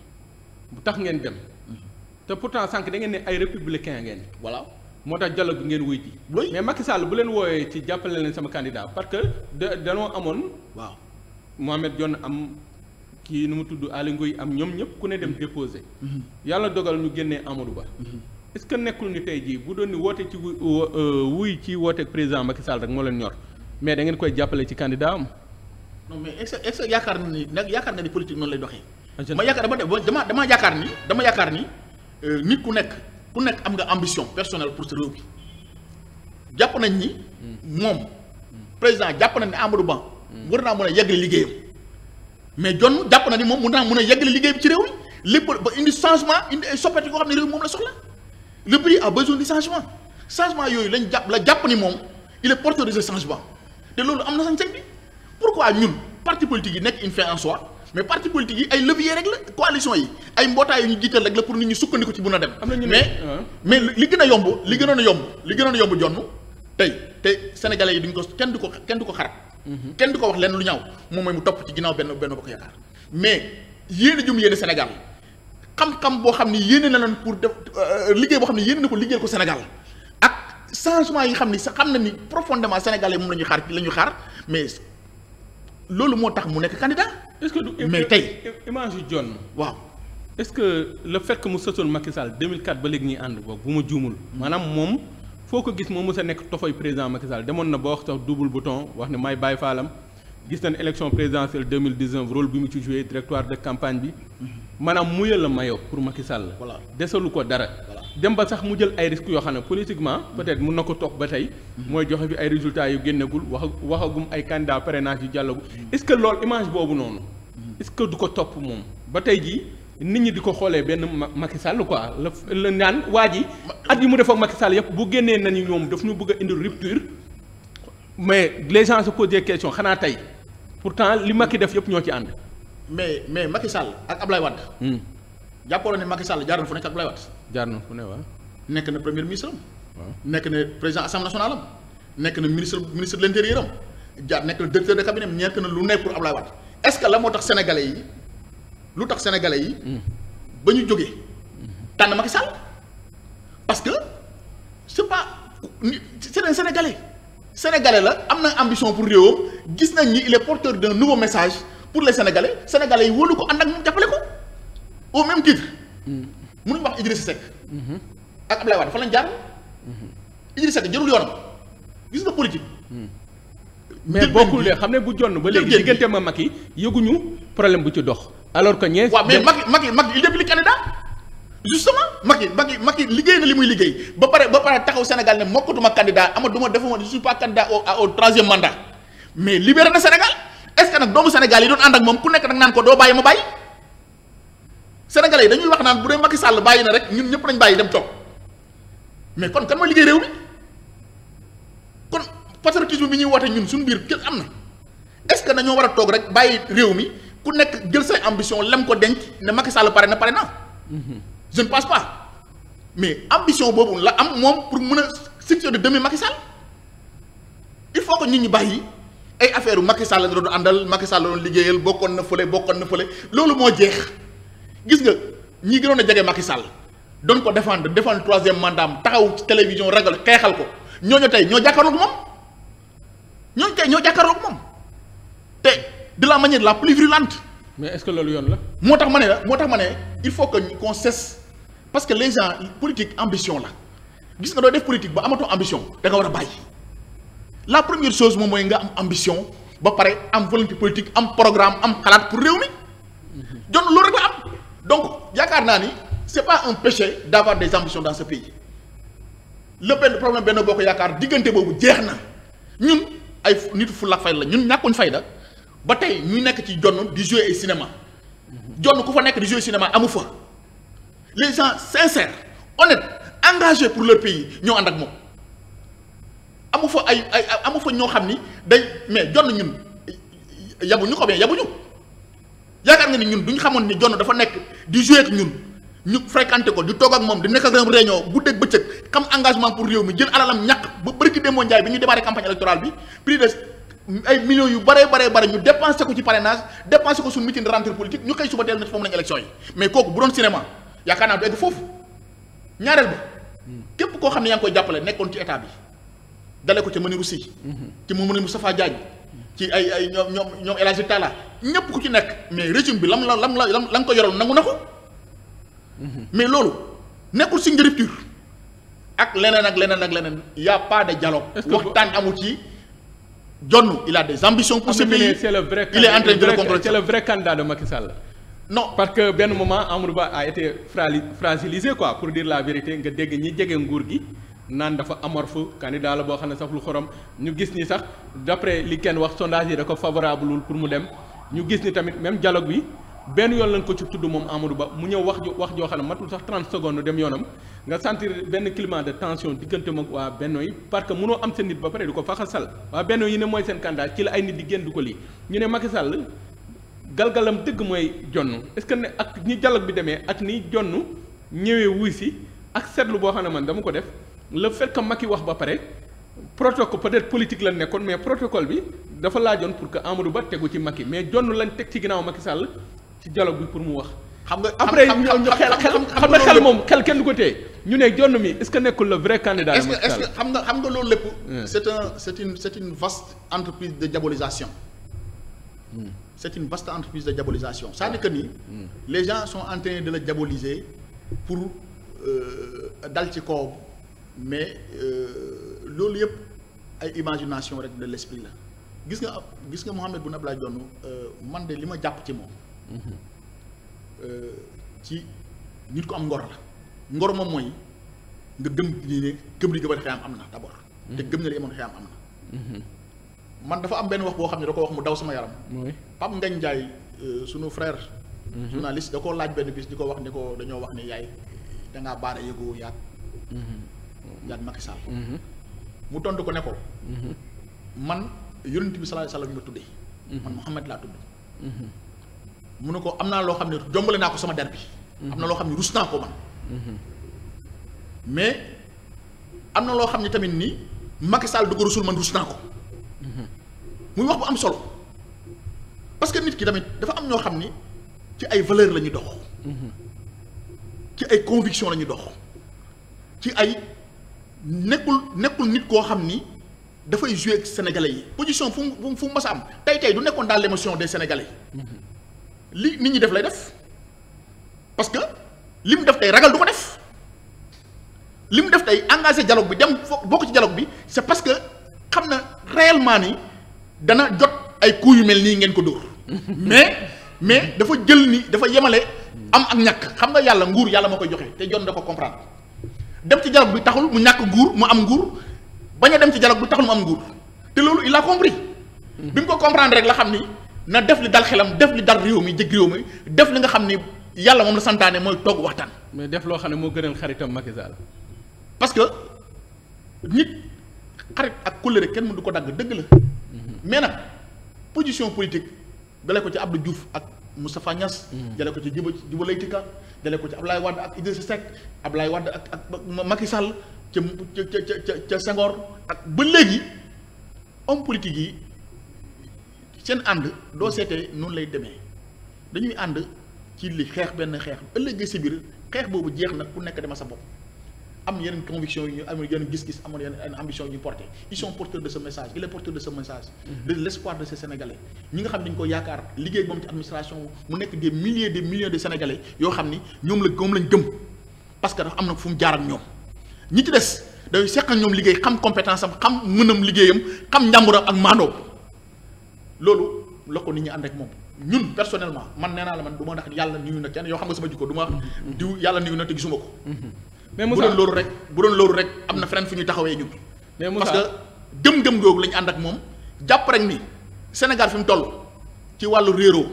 bu tax ngeen dem. Mm-hmm. te pourtant sànq da ngeen ne ay républicain ngeen. voilà moo tax dialogue bi ngeen wuy ji. mais Macky Sall bu leen wooyee ci jàppale leen sama candidat parce que da danoo amoon. waaw Mohamed Dionne am. kii nu mu tudd Aly Ngoye am ñoom ñëpp ku ne dem mm-hmm. déposé. Mm-hmm. yàlla dogal ñu génnee Amadou Ba. Mm-hmm. est-ce que nekkul ni tey jii bu doon ni woote ci euh, wuy ci wooteeg président Macky Sall rek moo leen ñor mais da ngeen koy jàppale ci candidat am. non mais est yaakaar na ni nag yaakaar na ni politique noonu lay doxee. Ah, ma yaakaar dama dama dama yaakaar ni dama yaakaar ni euh, nit ku nekk ku nekk am nga ambition personnelle pour sa réew bi jàpp nañ ni. Mm. moom président jàpp nañ ni Amadou Ba. Mm. war naa mën a yeggali liggéeyam. mais jon jàpp na ni moom mun naa mun a yeggale liggéey bi ci réew mi lépp ba indi changement indi ay soppeeku yoo xam ne réew moom la soxla le pays a besoin de changement changement yooyu lañ jàpp la jàpp ni moom il est porteur de ce changement te loolu am na sañ-sañ bi pourquoi ñun parti politique yi nekk une fin en mais parti politique yi ay levier rek la coalition yi ay mbootaay yu ñu jiital rek la pour nit ñu sukkandiko ci mun a dem. mais ah. mais li gën a yomb li gënoon a yomb li gënoon a yomb jonn tey te sénégalais yi duñ ko kenn du ko kenn du ko xarat Mhm. kenn du ko wax leen lu ñaaw moom mooy mu topp ci ginnaaw benn benn bokk yaakaar mais yéene jum yéene Sénégal xam-xam boo xam ne yéene na leen pour def euh, liggéey boo xam ne yéene na ko liggéeyal ko Sénégal ak changement yi xam ne sa xam na ni profondément sénégalais moom la ñuy xaar la ñuy xaar mais loolu moo tax mu nekk candidat. est-ce que mais tey image yu jon waaw. est-ce que le fait que mu sësoon Macky Sall 2004 ba léegi ñuy ànd boog bu ma juumul. maanaam moom. foo ko gis moo mës a nekk tofoy président Macky Sall demoon na ba wax sax double bouton wax ne may bàyyi faalam gis nañ élection présidentielle 2019 bi mu ci joué directoire de campagne bi maanaam muyal la mayo pour Macky Sall. desalu ko dara. dem ba sax mu jël ay risques yoo xam ne politiquement. peut-être mun na ko toog ba tey. mooy joxe fi ay résultats yu génnagul wax waxagum ay candidats parrainage yu jàllagul. est-ce que loolu image boobu noonu. est-ce du ko topp nit ñi di ko xoolee benn Macky Sall quoi la la naan waa ji at yi mu def ak Macky Sall yëpp bu génnee nañu ñoom daf ñu bëgg a indil rupture mais les gens se posent des questions xanaa tey pour pourtant li Macky def yëpp ñoo ci ànd. mais mais Macky Sall ak Ablaye Wade. Hmm. jàppoon ne Macky Sall jaar na fu nekk ak Ablaye Wade. jaar na fu ne waaw. nekk na premier ministre am. nekk na président assemblée nationale am. nekk na ministre ministre de l' am. jaar nekk na directeur de cabinet am nekk na lu nekk pour Ablaye Wade est ce que la moo tax sénégalais yi. lu tax sénégalais yi. ba ñu jógee. tànn Macky Sall parce que c'est pas c'est un sénégalais la am na ambition pour réewam gis nañ ni il est porteur d'un nouveau message pour les sénégalais sénégalais yi wóolu ko ànd ak moom jàppale ko au même titre. mënuñ wax Idrissa Seck. ak Abdoulaye Wade fa lañ jaar. Idrissa Seck jarul yoonam gis nga politique. mais bokkul de xam ne bu jonn ba léegi diggante ma mag yi yëguñu problème bu ci dox. alors que ñee. waaw mais Macky Macky Macky il n'est plus candidat. justement Macky Macky Macky liggéey na li muy liggéey ba pare ba pare taxaw Sénégal ne mokkatuma candidat amatuma defuma je suis pas candidat au au troisième mandat mais libéré na Sénégal est-ce que nag doomu Sénégal yi doon ànd ak moom ku nekk nag naan ko doo bàyyi ma bàyyi. Sénégalais yi dañuy wax naan bu dee Macky Sall bàyyi na rek ñun ñëpp nañ bàyyi dem toog mais kon kan mooy liggéey réew mi kon patriotisme bi ñuy woote ñun suñu biir kenn am na est-ce que dañoo war a toog rek bàyyi réew mi. ku nekk jël say ambition lem ko denc ne Macky Sall pare na pare na mhm. je ne pense mais ambition boobu la am moom pour mun a secteur de demain Macky Sall il faut que nit ñi bàyyi ay affaire Macky Sall la doon àndal Macky Sall la doon liggéeyal bokkoon na fële bokkoon na fële loolu moo jeex gis nga ñi gënoon a jege Macky Sall doon ko défendre défendre troisième mandat am taxaw ci télévision ragal xeexal ko ñooñu tey ñoo jàkkaarloog moom ñooñu tey ñoo jàkkaarloog de la manière la plus virulente. mais est-ce loolu yoon la. moo tax ma ne moo tax ma ne il faut que ñu qu'on cesse parce que les gens politique ambition la gis nga doo def politique ba amatoo ambition da nga war a bàyyi la première chose moom mooy nga am ambition ba pare am volonté politique am programme am xalaat pour réew mi jon loolu rek la am donc yaakaar naa ni c'est pas un péché d'avoir des ambitions dans ce pays le benn problème benn boo ko yaakaar diggante boobu jeex na ñun ay nit fu la fay la ñun ñàkkuñ fayda ba tey ñu nekk ci jonn di jouer ay cinéma jonn ku fa nekk di jouer cinéma amu fa les gens sincères honnêtes engage pour le pays ñoo ànd ak moom amu fa ay ay amu fa ñoo xam ni day mais jonn ñun yabuñu ko bien yabuñu yaakaar nga ni ñun duñ xamoon ni jonn dafa nekk di jouer ak ñun ñu fréquenté ko di toog ak moom di nekk ak rem réunion guddeeg bëccëg xam engagement pour réew mi jël alalam ñàkk ba bërki demoo njaay bi ñu démarré campagne électorale ay millions yu bare bare bare ñu dépensé ko ci parrainage dépense ko suñu mitin de rentrée politique ñu xëy suba teel na moom lañu élection yi mais kooku foofu ñaareel bi képp koo xam ne yaa ngi koy jàppale nekkoon ci état bi dale ko ca Manirou Sy ci mu mën a Moustapha Diagne ci ay ay ñoom ñoom ñoom El Hadji Talla ñépp ku ci nekk mais régime bi lam la lam la lam la nga ko yoroon nangu na ko mais loolu nekkul si nga rupture ak leneen ak leneen ak leneen y paa pas de dialogue waxtaan amul ci jonn il a des ambitions pour ah, ce pays c'est le vrai il est en parce que benn moment Amadou Ba a été fragilisé quoi pour dire la vérité nga dégg ñi jege nguur gi naan dafa amorfu candidat la boo xam ne sax lu xorom ñu gis ni sax d'après li kenn wax sondage yi da ko favorable wul pour mu dem ñu gis ni tamit même dialogue bi benn yoon lañ ko ci tudd moom Amadou Ba mu ñëw wax wax joo xam ne matul sax 30 secondes dem yoonam nga sentir benn climat de tension diggante mag waa benno yi que mënoo am seen nit ba pare di ko sal waa benno yi ne mooy seen candidat ci la ay nit di génn du ko lii ñu ne Macky Sall galgalam dëgg mooy jonn est-ce que ne ak ñi dialogue bi demee ak ni jonn ñëwee wuy si ak seetlu boo xam ne man dama ko def le fait que Macky wax ba pare protocole peut-être politique la nekkoon mais protocole bi dafa laajoon pour que Amadou Ba tegu ci mag yi mais jon lañ teg ci ginnaaw Macky Sall ci dialogue bi pour mu wax. xam nga après ñu ñu xel xam nga xel moom xel kenn du ko téye ñu ne jonn mi est-ce que nekkul le vrai candidat. est-ce que est-ce que xam nga xam nga loolu lépp. c'est un c'est une c'est une vaste entreprise de diabolisation. Hmm. une vaste entreprise de diabolisation cest à nii. les gens sont en train de le diaboliser pour euh, dal ci kawam mais euh, loolu yëpp ay imagination rek de l'esprit la gis nga gis nga Mouhamed Boun Abdallah Dionne euh, man de li ma jàpp ci moom. ci nit ku am ngor la ngor moom mooy nga gëm ni ne gëm li jëbal xeyam am na d' abord te gëm ne li amoon xeyam am na man dafa am benn wax boo xam ne da ko wax mu daw sama yaram Pape Ngagne Ndiaye euh, sunu frère journaliste da ko laaj benn bis di ko wax ni ko dañoo wax ni yaay dangaa baara yëgoo yaag yaag Macky Sall mu tontu ko ne ko man yonent bi sallallahu alayhi wasallam tudde man Muhammad laa tudd mu ne ko am naa loo xam ne jombale naa ko sama der bi. am na loo xam ne rus naa ko man. mais am na loo xam ne tamit ni Macky Sall du ko rusul man rus naa ko. muy wax bu am solo parce que nit ki tamit dafa am ñoo xam ni ci ay valeur lañuy ñuy dox. ci ay conviction lañuy dox ci ay nekkul nekkul nit koo xam ni. dafay joué ak sénégalais yi position fu mu fu mu mas a am tey tey du nekkoon daal l'émotion des sénégalais. li nit ñi def lay def parce que li mu def tey ragal du ko def li mu def tey engagé dialogue bi dem fo bokk ci dialogue bi c'est parce que xam na réellement ni dana jot ay coups yu mel nii ngeen ko dóor mais mais dafa jël ni dafa yemale am ak ñàkk xam nga yàlla nguur yàlla moo koy joxe te jot na ko comprendre dem ci dialogue bi taxul mu ñàkk nguur mu am nguur bañ a dem ci dialogue bi taxul mu am nguur te loolu il a compris bi mu ko comprendre rek la xam ni. na def li dal xelam def li dal réew mi jëg réew mi def li nga xam ni yàlla moom la santaane mooy togg waxtaan. mais def loo xam ne moo gënal xaritam Macky Sall parce que nit xarit ak kóllëre kenn mënu ko dagg dëgg la mhm. mais nag position politique dalee ko ci Abdou Diouf ak Moustapha Niass. dalee mhm. ko ci Djibo Djibo Leyti Ka dalee ko ci Abdoulaye Wade ak Idrissa Seck Abdoulaye Wade ak ak Macky Sall ca ca ca ca Senghor ak ba léegi homme politique yi. seen ànd doo seetee noonu lay demee dañuy ànd ci li xeex benn xeex ëllëgee si biir xeex boobu jeex na ku nekk dema sa bopp am yeneen conviction yu ñu am yeneen gis-gis amoon yeneen ambition yu ñu porté ils sont porteurs de ce message il est porteur de ce message mm-hmm. de l' de ces sénégalais ñi nga xam yaakaar liggéey moom ci administration mu nekk des milliers yoo xam ni ñoom la moom lañ gëm parce que dafa am na fu mu jaar ak ñoom ñi ci des day seq ñoom liggéey xam compétence am xam mënam liggéeyam xam njàmburam ak maandoo loolu la ko nit ñi ànd ak moom ñun personnellement man nee naa la man du ma ndax yàlla ñu na kenn yoo xam nga sama jikko du diw yàlla nuyu na te gisuma ko bu doon loolu rek bu doon loolu rek am na feneen fi ñuy taxawee ñun mais Moussa parce que gëm-gëm googu la ñu ànd ak moom jàpp rek ni Sénégal fi mu toll ci wàllu réeróo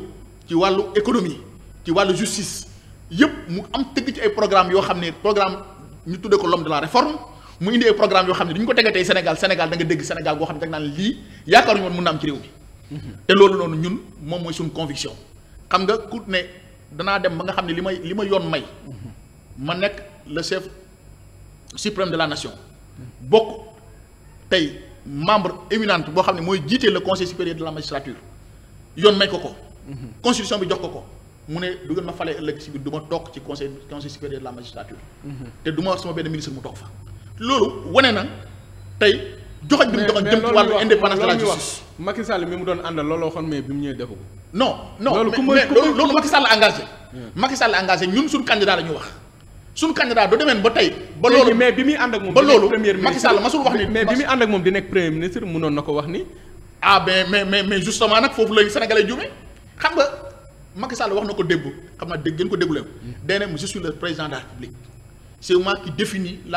ci wàllu économie ci wàllu justice yëpp mu am tëgg ci ay programme yoo xam ne programme ñu tuddee ko l'homme de la réforme mu indi ay programme goo xam ne dag naan lii yaakaaruñu woon mën am ci réew mi te loolu noonu ñun moom mooy suñu conviction xam nga ku ne danaa dem ba nga xam ne li may li ma yoon may ma nekk le chef suprême de la nation bokk tey membre éminente boo xam ne mooy jiite le conseil supérieur de la magistrature yoon may ko ko constitution bi jox ko ko mu ne du ngeen ma falee ëllëg si biir du ma toog ci conseil conseil supérieur de la magistrature mm-hmm. te du ma sama benn ministre mu toog fa loolu wone na tey joxoñ bi mu joxoñ jëm ci wàllu Sall mi mu doon àndal looloo xam mais bi mu ñëwee defu ko. non non mais loolu Macky Sall engagé. Macky Sall engagé ñun suñu candidat la wax. suñu candidat du demeen ba tey. ba loolu mais bi muy ànd ak moom. ba loolu Macky Sall masul wax ni. mais bi muy ànd ak moom di nekk premier ministre mënoon na ko wax ni. ah mais mais mais mais justement nag foofu la Sénégalais juume xam nga Macky Sall wax na ko débb xam naa dégg ngeen ko déglu leen. Mm. day ne je suis la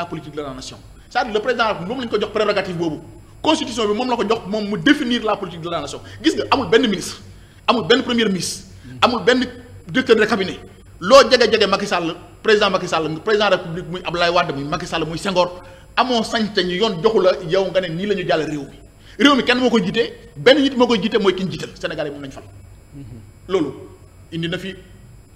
République c'est c'est-à-dire président moom la ko jox prérogative boobu constitution bi moom la ko jox moom mu définir la politique de la nation gis nga amul benn ministre amul benn premier ministre amul benn directeur de cabinet loo jege-jege Macky Sall président Macky Sall président de la République muy Abdoulaye Wade muy Macky Sall muy Senghor amoo sañ-sañ yoon joxu la yow nga ne nii la ñu jàll réew mi réew mi kenn moo koy jiite benn nit moo koy jiite mooy ki jiital Sénégal loolu indi na fi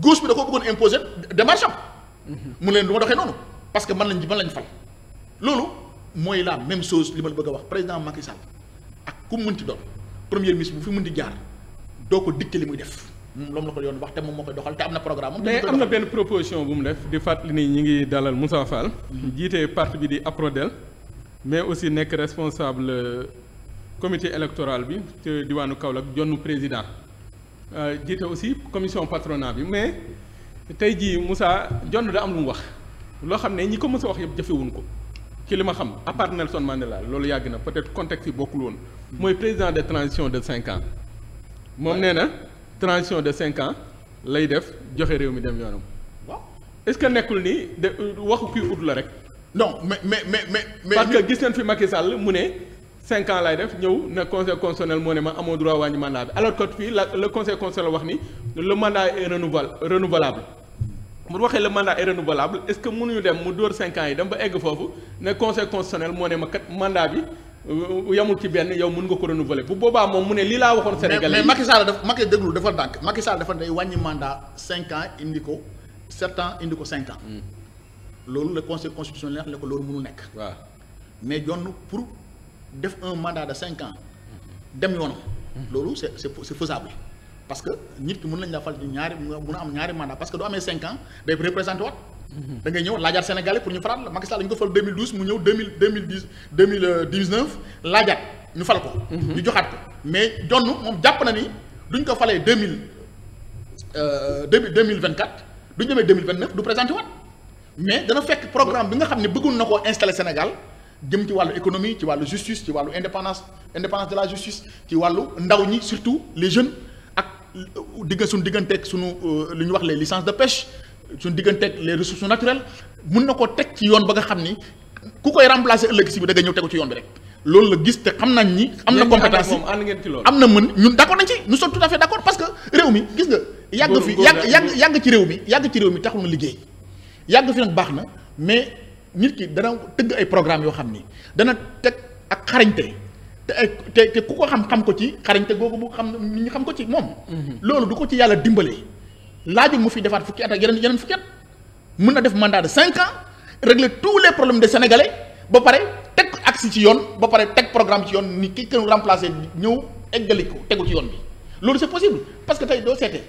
gauche bi da koo bëggoon imposer démarche am. mu leen du ma doxee noonu parce que man lañ man lañ fal. loolu mooy la même chose li ma la bëgg a wax président Macky Sall ak ku mu mënti doon premier ministre bu fi mënti jaar doo ko dicté li muy def. moom loolu la ko yoon wax te moom moo koy doxal te am na programme. mais am na benn proposition bu mu def di fàttali ni ñi ngi dalal Moussa Fall. Mm-hmm. jiite parti bi di Aprodel. mais aussi nekk responsable euh, comité électoral bi diwaanu Kaolack jonn président. Euh, jiite aussi commission patronat bi mais tey jii Moussa jon da am lu mu wax loo xam ne ñi ko mës wax yëpp jëfewuñ ko ci li ma xam à part Nelson Mandela loolu yàgg na peut-être contexte yi bokkul woon mooy président de transition de cinq ans moom nee na transition de cinq ans lay def joxe réew mi dem yoonam est-ce que nekkul ni de euh, waxu kuy ut la rek. non mais mais mais mais. parce gis nañ fi Macky Sall mu ne. cinq ans lay def ñëw na conseil constitutionnel moo ne ma amoo droit wàññi mandat bi alors que fii la le conseil constitutionnel wax ni le mandat est renouvelable bu waxee la mandat est renouvelable est-ce que mënuñu dem mu dóor cinq ans yi dem ba egg foofu ne conseil constitutionnel moo ne ma kat mandat bi euh, euh, yamul ci benn yow mun nga ko renouveler bu boobaa moom mu ne lii laa waxoon. Sénégalais mais Macky Sall dafa Macky déglu dafa dànk Macky Sall dafa day wàññi mandat cinq indi ko sept ans indi ko cinq ans. Hmm. loolu le conseil constitutionnel wax ne ko loolu mënul nekk. waaw mais def un mandat cinq ans dem yoonam. loolu c'est c'est faisable parce que nit ki mën nañ la fal ñaari mun a am ñaari mandat parce que doo amee cinq ans day représenté waat. da ngay ñëw laajaat Sénégalais pour ñu faraat la Macky Sall ñu ko fal 2012 mu ñëw 2000 2010 2019 laajaat ñu fal ko. ñu joxaat ko mais jonn moom jàpp na ni duñ ko falee 2000 2024 euh, duñ demee du présenté waat mais dana fekk programme bi nga xam ne bëggoon na koo installé Sénégal. jëm ci wàllu économie ci wàllu justice ci wàllu indépendance indépendance de la justice ci wàllu ndaw ñi surtout les jeunes ak digg suñu digganteeg suñu euh, lu ñu wax lee licences de pêche suñu digganteeg les ressources naturelles mun na ko teg ci yoon ba nga xam ni ku koy remplacer ëllëg si bi da nga ñëw tegu ci yoon bi rek loolu la gis te xam nañ ni am na compétence yi am na mën ñu d'accord nañ ci nous sommes tout à d'accord parce que réew mi gis nga yàgg fi yàgg yàgg yàgg ci réew mi yàgg ci réew mi taxul liggéey yàgg fi nag baax na mais nit ki dana tëgg ay programme yoo xam ni dana teg ak xarañte te ay te te ku ko xam xam ko ci xarañte googu bu xam nit ñi xam ko ci moom. Mhm. loolu du ko ci yàlla dimbale laajul mu fi defaat fukki at ak yeneen yeneen fukki at mën na def mandat de cinq ans régler tous les problèmes de sénégalais ba pare teg aksi ci yoon ba pare teg programme ci yoon ni ki kenn remplacer ñëw eggali ko tegu ci yoon bi loolu c'est possible parce que tey doo seetee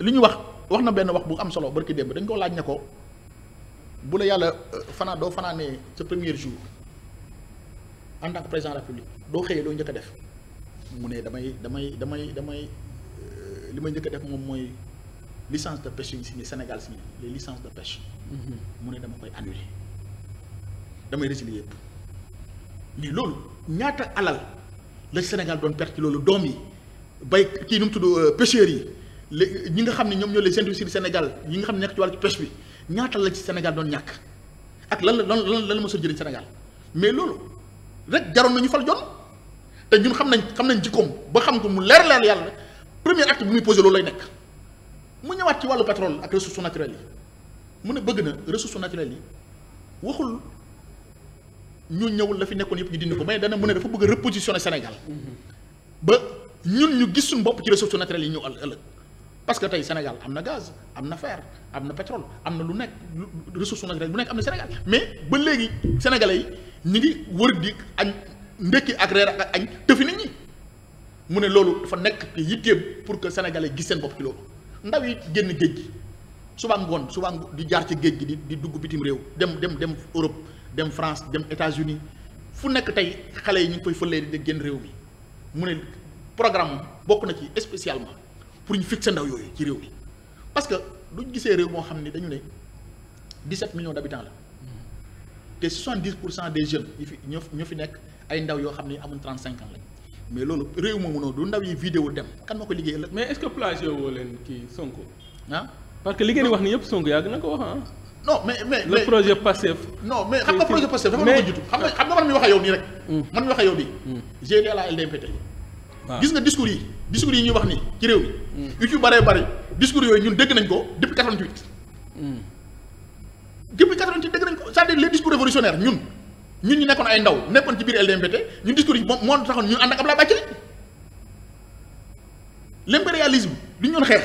li ñu wax wax na benn wax bu am solo barki démb dañ ko laaj ne ko. bu la yàlla euh, fanaa doo fanaanee sa premier jour en tant que président de la République doo xëyee doo njëkk def mu ne damay damay damay damay euh, li may njëkk def moom mooy licence de pêche yi signé Sénégal signé les de pêche mm-hmm. mu ne dama koy annuler damay résilier yëpp mais loolu ñaata alal la Sénégal doon perte loolu doom yi bay kii nu mu tudd euh, pêcheurs yi léegi ñi nga xam ne ñoom ñoo les industries Sénégal ñi nga xam ne nekk ci wàllu pêche bi ñaata la ci Sénégal doon ñàkk ak lan la lan lan la mos a jëriñ Sénégal mais loolu rek jaroon ñu fal jon te ñun xam nañ xam nañ jikkoom ba xam ko mu leer leer yàlla premier acte bi muy posé loolu lay nekk mu ñëwaat ci wàllu pétrole ak ressources naturelles yi mu ne bëgg na ressources naturelles yi waxul ñu ñëwul la fi nekkoon yëpp ñu dindi ko mais dana mu ne dafa bëgg a repositionner Sénégal mm-hmm. ba ñun ñu gis suñu bopp ci ressources naturelles yi ñëw ëllëg parce que tey Sénégal am na gaz am na fer am na pétrole am na lu nekk ressource naturelle lu nekk am na Sénégal mais ba léegi sénégalais yi ñu ngi wër di añ ndekki ak reer ak añ tëfi nit ñi mu ne loolu dafa nekk te pour que sénégalais gis seen bopp ci loolu ndaw yi génn géej gi suba ngoon suba di jaar ci géej gi di di dugg bitim réew dem dem dem Europe dem France dem États-Unis fu nekk tey xale yi ñu ngi koy fëlee di génn réew mi mu ne programme bokk na ci spécialement. pour ñu fixer ndaw yooyu ci réew mi parce que duñ gisee réew moo xam ni dañu ne 17 millions d'habitants la te 70 pour cent des jeunes yi fi ñoo fi nekk ay ndaw yoo xam ni amuñ 35 ans lañ mais loolu réew moomu noonu du ndaw yi vidéo dem kan moo ko liggéey la mais est-ce que plagié woo leen kii Sonko ah parce que li ngeen wax ni yëpp Sonko yàgg na ko wax ah. non mais mais le projet Pastef. non mais xam nga projet Pastef dafa mën ko jiitu xam nga xam nga hmm. hmm. waaw gis nga discours yi. discours yi ñuy wax ni ci réew mi. Mm. yu ci bëree bëri discours yooyu ñun dégg nañ ko depuis 88. Mm. depuis 88 dégg nañ ko c'est-à-dire les discours révolutionnaires ñun ñun ñu nekkoon ay ndaw nekkoon ci biir LDMPT ñun discours yi moom moo taxoon ñun ànd ak Abdoulaye Bathily l'impérialisme du ñu doon xeex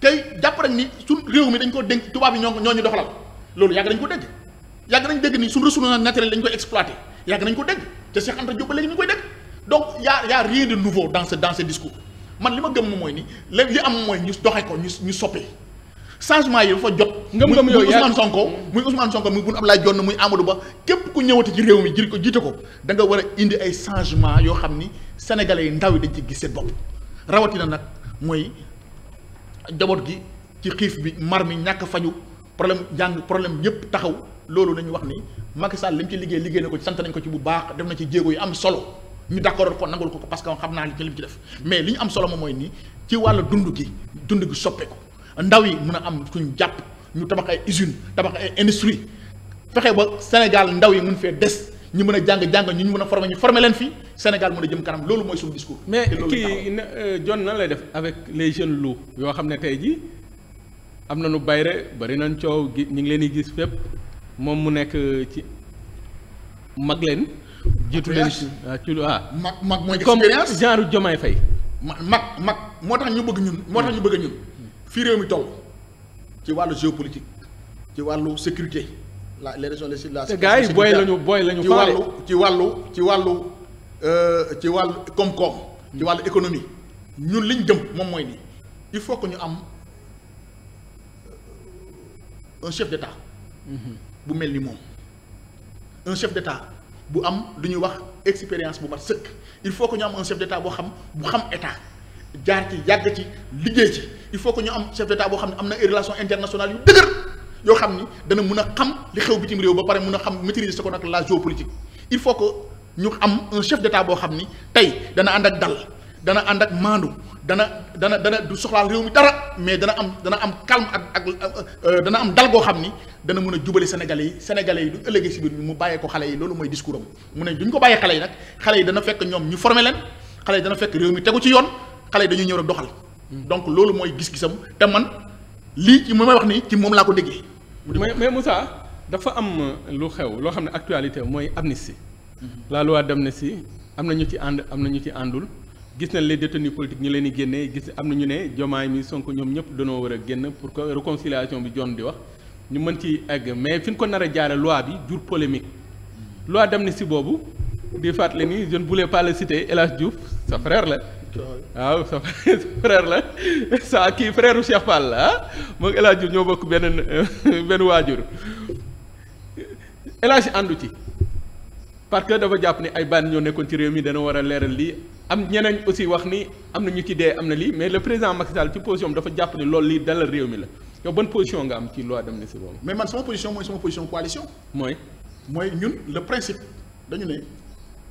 tey jàpp rek ni suñ réew mi dañ ko dénk tubaab yi ñoo ñoo ñu dox doxalal loolu yàgg nañ ko dégg yàgg nañ dégg ni suñ ressource naturelle dañ koy exploité yàgg nañ ko dégg te Cheikh Anta Diop ba léegi ñu koy dégg donc y a y a rien de nouveau dans man li ma gëm mooy nii léegi li am mooy ñu doxe ko ñu ñu soppee changement yi dafa jot. ngëm-ngëm yooyu muy Ousmane Sonko muy Ousmane Sonko muy Boun Abdallah na muy Amadou Ba képp ku ñëwati ci réew mi jir ko jiite ko danga war a indi ay changement yoo xam ni sénégalais yi ndaw yi dañ ci gisee seen bopp rawatina nag mooy jaboot gi ci xiif bi mar mi ñàkk faju problème jàng problème yëpp taxaw loolu la ñu wax ni Macky Sall li mu ci liggéey liggéey na ko sant nañ ko ci bu baax def na ci jéego yi am solo. ñu d'accord ko nangul ko ko parce que xam naa li ci lim ci def mais li ñu am solo nii ci wàllu dund gi dund gi soppeeku ndaw yi mun a am kuñ jàpp ñu tabax ay usine tabax ay industrie fexe ba Sénégal ndaw yi mun fee des ñu mën a jàng-jàng ñu ñu mën a former ñu former leen fii Sénégal mën a jëm kanam loolu mooy suñu discours. mais kii euh, John na lay def avec les jeunes loups yoo xam ne tey jii am na nu bayre bari nañ coow gi ñu ngi leen di gis fépp moom mu nekk ci mag leen. jiitu leen ci ah, ci lu ah. mag mag mooy expérience comme genre Diomaye Faye. ma mag mag moo tax ñu bëgg ñun moo tax ñu bëgg ñun fii réew mi toll ci wàllu géopolitique ci wàllu sécurité la les régions de la. te gars yi booy lañu booy lañu. ci wàllu ci wàllu ci wàllu euh, ci wàllu koom-koom. ci wàllu économie ñun liñ jëm moom mooy nii il faut que ñu am euh, un chef d'état. Mhm. bu mel ni moom un chef d'état. bu am lu ñuy wax expérience bu mat sëkk il faut que ñu am un chef d'état boo xam bu xam état jaar ci yàgg ci liggéey il faut que ñu am chef boo xam ne am na relation relations internationales yu dëgër yoo xam ni dana mun a xam li xew bitim réew ba pare mun a xam maîtriser sa ko nag la géopolitique il faut que ñu am un chef d'état boo xam ni tey dana ànd ak dal dana ànd ak maandu dana dana dana du soxlaal réew mi dara mais dana am dana am calme ak ak euh, dana am dal goo xam ni dana mën a jubale sénégalais yi sénégale yi du ëllëgee si bi mu bàyyee ko xale yi loolu mooy discours am mu ne duñ ko bàyyee xale yi nag xale yi dana fekk ñoom ñu formé leen xale yi dana fekk réew mi tegu ci yoon xale yi dañuy ñëw rek doxal hmm. donc loolu mooy gis-gisam te man lii ci mu may wax nii ci moom laa ko déggee mais mais Moussa dafa am lu xew loo xam ne actualité mooy amnistie hmm. la loi d'amnistie am na ñu ci ànd am na ñu ci àndul gis nañ les détenus politiques ñu leen di génnee gis am na ñu ne Diomaye mi Sonko ñoom ñëpp danoo war a génn pour que réconciliation bi jon di wax ñu mën ci egg mais fi ñu ko nar a jaare loi bi jur dem loi si boobu di fàttali ni je ne voulais pas le citer El sa frère la waaw sa frère la sa kii frère u Cheikh la ah moom El Hadj Diouf ñoo bokk benn benn waajur El Hadj àndu ci parce que dafa jàpp ni ay bànn ñoo nekkoon ci réew mi dana war a leeral lii am ñeneen aussi wax ni am na ñu ci dee am na lii mais le président Macky Sall ci position dafa jàpp ni lool lii dalal réew mi la yow bonne position nga am ci loi d'amnistie boobu. mais man sama position mooy mooy mooy ñun le principe dañu ne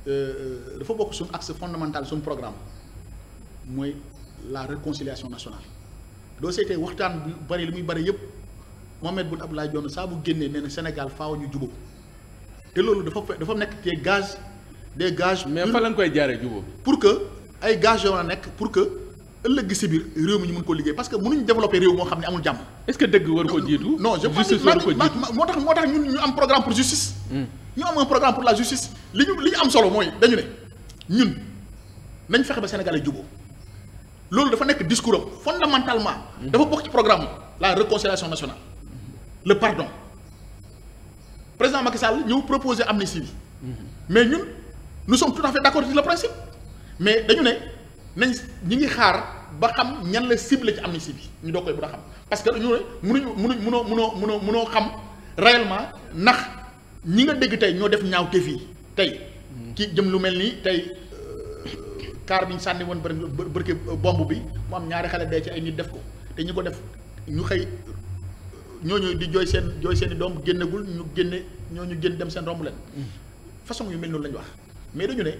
euh, dafa bokk suñu axe fondamental suñu programme mooy la réconciliation nationale doo seetee waxtaan bu bari li muy bari yëpp Mohamed Boun Abdallah Dionne saa saabu génnee nee na Sénégal faaw ñu jubóo te loolu dafa dafa nekk te gaz. des gages. mais fa lañ koy jaaree jubóo. pour que ay gages yoo a nekk pour que ëllëg si biir réew mi ñu mën ko liggéey parce que mënuñ développer réew moo xam ne amul jàmm. est-ce que dëgg war ko jiitu. non je pense que moo tax moo tax ñun ñu am programme pour justice. Hmm. ñu am programme pour la justice li ñu li ñu am solo mooy dañu ne ñun nañ fexe ba Sénégal ay jubóo loolu dafa nekk discours am fondamentalement hmm. dafa bokk ci programme la réconciliation nationale hmm. le pardon président Macky Sall ñëw proposer amnistie bi mais ñun. nu sommes tout à fait d'accord sur le principe mais dañu ne nañ ñi ngi xaar ba xam ñan la la ci amnistie bi ñu doo koy mën a xam parce que dañu ne mënuñu mënuñ mënoo mënoo mënoo mënoo xam réellement ndax ñi nga dégg tey ñoo def ñaaw te fii tey ki jëm lu mel nii tey kaar euh, bi ñu sànni woon bër bërke bomb bi mu am ñaari xale dee ci ay nit def ko te ñu ko def ñu xëy ñoo euh, ñooñu di jooy seen jooy seen i doom génnagul ñu génne ñu jën dem seen romb leen mm. façon yu mel noonu la wax mais dañu ne.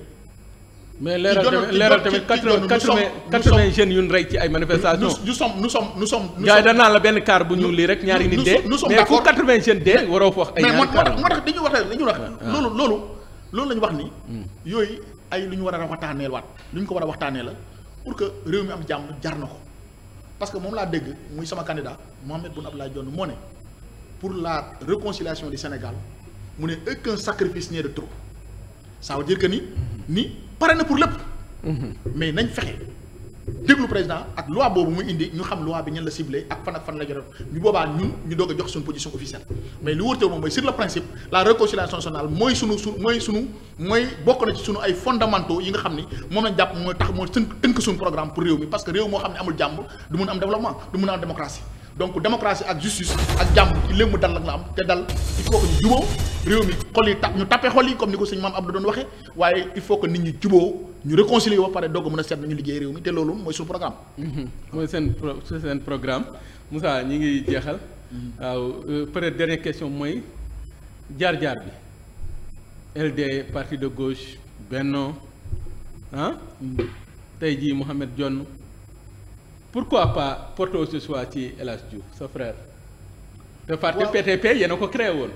mais leeral tamit quatre-vingts jeunes yu ñu rey ci ay manifestations. nous sommes nous sommes nous sommes. gars yi dañ naan la benn car bu ñu lii rek ñaari nit dee. mais fu quatre-vingts jeunes dee waroo fa wax ay ñaari car mais moo tax dañu wax dañu wax ah. loolu loolu loolu la ñu wax ni. Hmm. yooyu ay lu ñu war a waxtaaneel waat lu ñu ko war a waxtaanee la pour que réew mi am jàmm jar na ko parce que moom laa dégg muy sama candidat Mohamed Boun Abdallah Dionne moo ne pour la réconciliation du Sénégal mu ne aucun sacrifice n'est de trop. ça veut dire que ni ni pare na pour lépp. mais nañ fexe déglu président ak loi boobu mu indi ñu xam loi bi ñan la ciblé ak fan ak fan la ñu boobaa ñun ñu doog a jox suñu position officielle mais lu wërteew moom mooy sur le principe la réconciliation nationale mooy sunu su mooy sunu mooy bokk na ci sunu ay fondamentaux yi nga xam ni moom lañ jàpp mooy tax mooy tënk tënk suñu programme pour réew mi parce que réew moo xam ne amul jàmm am développement du donc démocratie ak justice ak jàmm ci léegi mu dal nag la am te dal il faut que ñu juboo réew mi xol yi ta ñu tappe xol yi comme ni ko sëñ maam Abdou doon waxee waaye il faut que nit ñi juboo ñu réconcilier ba pare doog a mën a seet nañu liggéey réew mi te loolu mooy suñu programme. Mhm. mooy seen programme Moussa ñi ngi jeexal. waaw euh, peut être question mooy jaar jaar bi. LD parti de gauche Benno ah. Mhm. tey jii Mouhamed Dionne pourquoi pas porter ce choix ci El Hadj Diouf sa frère. te PTP yéen ko créé woon.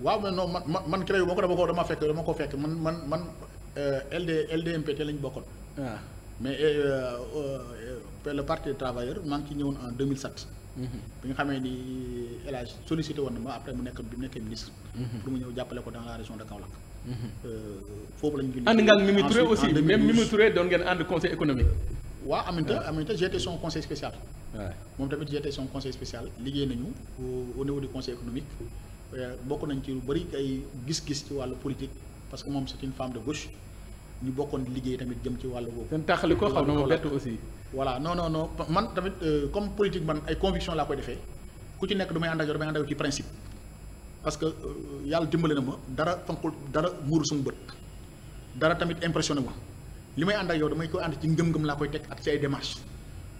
waaw mais non man ma man créé moo ko dama ko fekk dama ko fekk man man man euh, LD LDMPT lañ bokkoon. waaw ah. mais euh, euh, le parti des travailleurs maa ngi ci ñëwoon en 2007. Mhm. bi nga xamee ni El Hadj sollicité woon na ma après mu nekk bi mu nekkee ministre. Mhm. pour mu ñëw jàppale ko dans la région de Kaolack. Mhm. foofu lañ. ànd nga ak Mimi Touré aussi même Mimi Touré doon ngeen ànd conseil économique. waa Aminta Aminta j'étais son conseil spécial. waaw moom tamit j'étais son conseil spécial liggéey nañu au niveau du conseil économique euh, bokk nañ ci lu bëri ay gis-gis ci wàll politique parce que moom c'est une femme de gauche ñu bokkoon liggéey tamit jëm ci wàllu boobu. seen taxali ko xam na ma bett aussi. voilà non non non man tamit euh, comme politique man ay conviction laa koy defee ku ci nekk damay ànd ak yow damay ànd ak yow ci principe parce que euh, yàlla dimbale na ma dara fanqul dara muur suma bët dara tamit impressionné ma. li may ànd ak yow damay ko ànd ci ngëm-ngëm laa koy teg ak ci ay démarche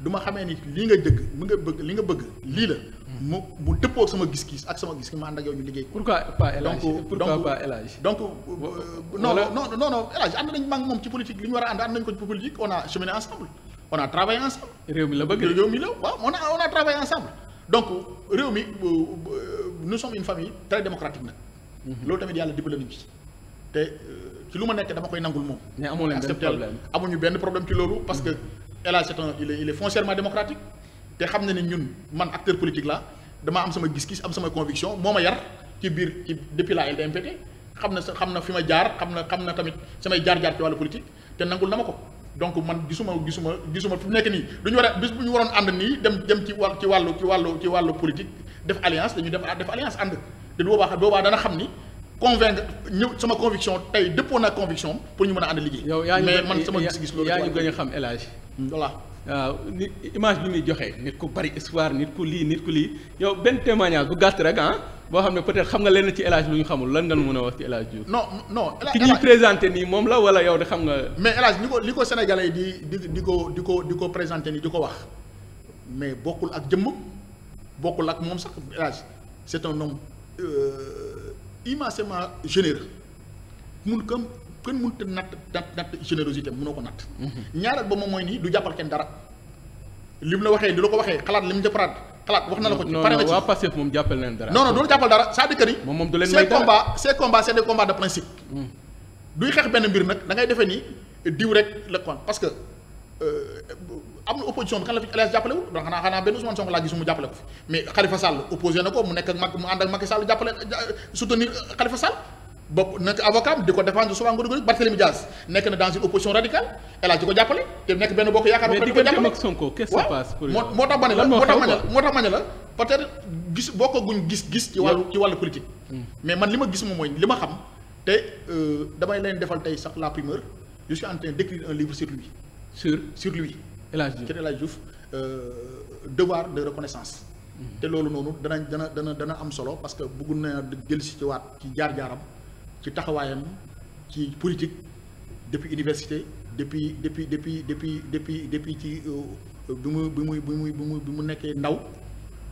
du ma xamee ni li nga dëkk mu nga bëgg li nga bëgg lii la. Hmm. mu mu dëppoo sama gis-gis ak sama gis-gis ma ànd ak yow ñu liggéey. pourquoi pas El Hadj pourquoi pas El Hadj donc euh, non non non non ànd nañ ma ak moom ci politique li ñu war a ànd ànd nañ ko ci politique a cheminé ensemble on a travaillé ensemble. réew mi la bëgg réew mi la waaw on a on a travaillé ensemble donc réew mi euh, euh, nous sommes une famille très démocratique nag. Hmm. loolu tamit yàlla dimbali nañ ci. te euh, ci lu ma nekk dama koy nangul moom. mais amoo leen amuñu benn problème ci loolu. parce que mm. El Hadj Seton il est il est foncièrement démocratique. te xam na ne ñun man acteur politique la damaa am sama gis-gis am sama conviction moo ma yar ci biir ci depuis la LDMPT xam na sa xam na fi ma jaar xam na xam na tamit samay jaar-jaar ci wàllu politique te nangul na ma ko. donc man gisuma gisuma gisuma fi mu nekk nii du ñu war bis bu ñu waroon ànd nii dem dem ci wàll ci wàllu ci wàllu ci wàllu politique def alliance dañu def def alliance ànd te boobaa boobaa dana xam ni. convaincre ñëw sama conviction tey dëppoo naa conviction pour ñu mën a ànd liggéey. yow yaa mais man sama gis-gis loolu yaa ñu a xam El waaw nit image bi muy joxe nit ku bari histoire nit ku lii nit ku lii yow benn témoignage bu gàtt rek ah boo xam ne peut-être xam nga lenn ci El Hadj lu ñu xamul lan nga mën a wax ci El Hadj Diouf. non non ki ñuy présenté nii moom la wala yow de xam nga. mais El Hadj li ko li ko sénégalais di di di ko di ko di ko présenté nii di ko wax mais bokkul ak jëmm bokkul ak moom sax El Hadj c'est immensément généreux mun kam kenn mënut a natt natt natt générosité mënoo ko natt. Mhm. ñaareel ba moom mooy nii du jàppal kenn dara. lim la waxee di la ko waxee xalaat lim jëpparaat xalaat wax na la ko. ci pare nga ci waa Pastef moom jàppal leen dara. non non du jàppal dara c'est-à-dire moom moom du leen may dara combat ces combats c'est des combats de principe. Mm. duy xeex benn mbir nag da ngay defee ni diw rek la kon parce que. Euh, am na opposition bi kan la fi El Hadj jàppale wul donc xanaa xanaa benn Ousmane Sonko laa gis mu jàppale ko fi mais Khalifa Sall opposé na ko mu nekk ak mu ànd ak Macky Sall jàppale soutenir euh, Khalifa Sall bopp nekk avocat di ko défendre souvent nga dugg rek Barthélemy Diaz nekk na dans opposition radicale El di ko jàppale te nekk benn bokk yaakaar. mais diggante mag Sonko moo tax ma la moo tax ma la moo tax ma ne gis bokkaguñ gis-gis. ci wàllu ci wàllu politique. Hmm. mais man li ma gis moom mooy li ma xam euh, leen defal tey sax la primeur je suis en train d'écrire El Hadj Diouf euh, devoir de reconnaissance. Mhm. te loolu noonu danañ dana dana dana am solo parce que bëgg na jël ci waat ci jaar-jaaram ci taxawaayam ci politique depuis université depuis depuis depuis depuis depuis depuis ci euh, bi mu bi mu bi mu bi mu nekkee ndaw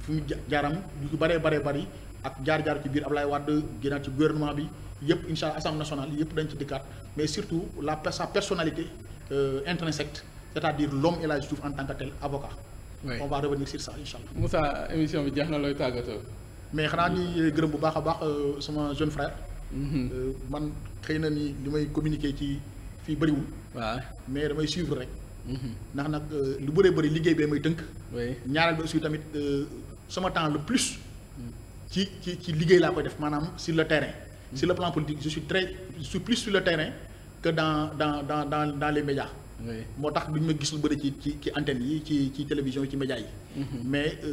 fu mu jaaram yu ci baree baree bari ak jaar-jaar ci biir Ablaye Wade génnaat ci gouvernement bi yëpp incha allah assemblée nationale yëpp dañ ci dikkaat mais surtout la sa personnalité euh, intrinsèque. c'est-à-dire l'homme El Hadji en tant que tel avocat. Oui. on va revenir sur ça allah. Moussa émission bi jeex na looy tàggatoo. mais xanaa ñuy gërëm bu baax a baax euh, sama jeune frère. Mhm. Euh, man xëy na ni li may communiquer ci fii bëriwul. waaw mais damay suivre rek. Mhm. ndax nag euh, lu bëree bëri liggéey bee may tënk. ñaareel bi aussi tamit sama temps le plus. Mhm. ci ci ci liggéey laa koy def maanaam sur le terrain. sur le plan politique je suis très je suis plus sur le terrain dans dans dans dans dans les médias. moo tax ñu ma gis lu bëri ci ci ci antenne yi ci ci télévision ci média yi. Mm-hmm. mais c'est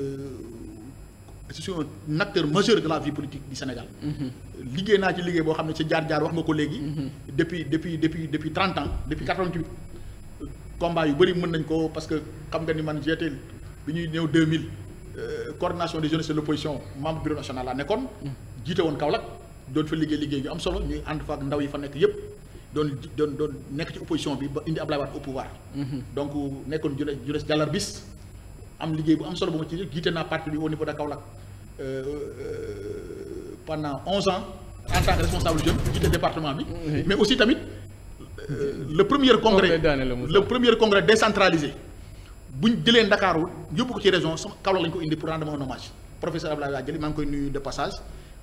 euh, sûr un acteur majeur de la vie politique du Sénégal. Mm-hmm. liggéey naa ci liggéey boo xam ne ci jaar-jaar wax nga ko léegi. Mm-hmm. depuis depuis depuis depuis trente ans depuis quatre-vingt-huit combat yu bëri mën nañ ko parce que xam nga ni man j'étais bi ñuy ñëw deux mille euh, coordination des jeunes de l'opposition membre bureau national laa nekkoon. Mm. jiite woon Kaolack doon fa liggéey liggéey yu am solo ñuy ànd fa ak yi fa nekk yépp doon doon doon nekk ci opposition bi ba indi Ablaye Wade au pouvoir. Mhm. donc nekkoon jure jure bis am liggéey bu am solo bu ma ci jiite naa parti bi au niveau de Kaolack euh, euh, pendant onze ans en tant que responsable jeune jiite département bi. mais aussi tamit euh, le premier congrès le premier congrès décentralisé bu ñu jëlee Ndakaaru yóbbu ko ci région sama Kaolack la ko indi pour rendre un hommage professeur Ablaye Wade jëli maa koy nuyu de passage.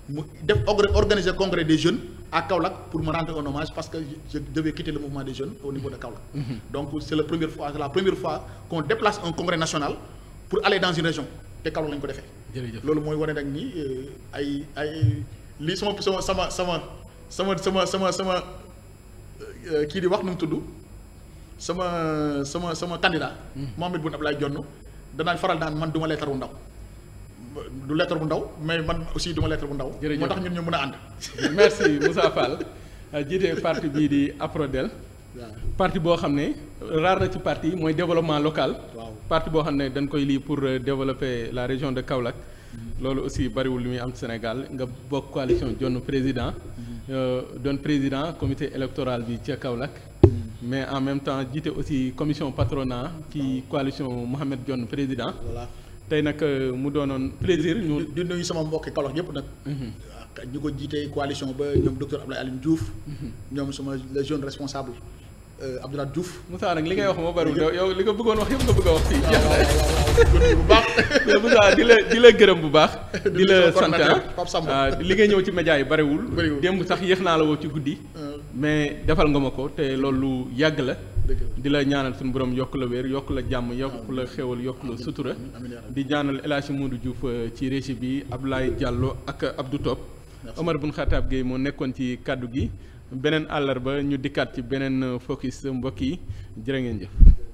mu def organiser congrès des jeunes à Kaolack pour me rendre un hommage parce que je devais quitter le mouvement des jeunes au niveau de Kaolack. Mm -hmm. donc c'est la première fois c'est la première fois qu'on déplace un congrès national pour aller dans une région te Kaolack lañ ko defee. jërëjëf loolu mooy wane nag ni euh, ay ay lii sama sama sama sama sama sama sama sama euh, kii di wax nu mu tudd sama sama sama candidat. Mm. Mohamed Boun Abdallah jonn danaa faral daan man duma ma leetaru ndaw. du lettre bu ndaw mais man aussi du ma lettre bu ndaw. jërëjëf moo tax ñun ñu mën a ànd. merci Moussa Fall euh, jiite parti bii di APRODEL. waaw parti boo xam ne raar na ci parti mooy développement local. parti boo xam ne dañ koy lii pour euh, développer la région de Kaolack. loolu aussi bariwul li muy am Sénégal nga bokk coalition jonn président. Mm-hmm. Euh, doon président commité électoral bi ca Kaolack. Mm-hmm. mais en même temps jiite aussi commission patronat ci coalition Mohamed Dionne président. tey nag euh, mu doonoon plaisir ñu. di nuyu sama mbokki Kaolack yëpp nag. Mhm. ñu ko jiitee coalition ba ñoom docteur Abdoulaye Alioune Diouf. Mhm. ñoom sama le jeune responsable euh, Abdoulaye Diouf. Moussa nag li ngay wax moo bariwul yow li nga bëggoon wax yëpp nga bëgg a wax ah, bu baax. Moussa di la di la gërëm bu baax. di la sant ah. ah, li ngay ñëw ci média yi bariwul. démb sax yéex naa la woo ci guddi. mais defal nga ma ko te loolu yàgg la. di la ñaanal suñu borom yokk la wér yokk la jàmm yokk la xewal yokk la sutura di ñaanal El Hadji Modou Diouf euh, ci régie bi ab Ablaye Diallo ak Abdou Top Omar Bun Xataab Gueye moo nekkoon ci kàddu gi beneen àllarba ñu dikkaat ci beneen focus mbokk yi jërë ngeen jëf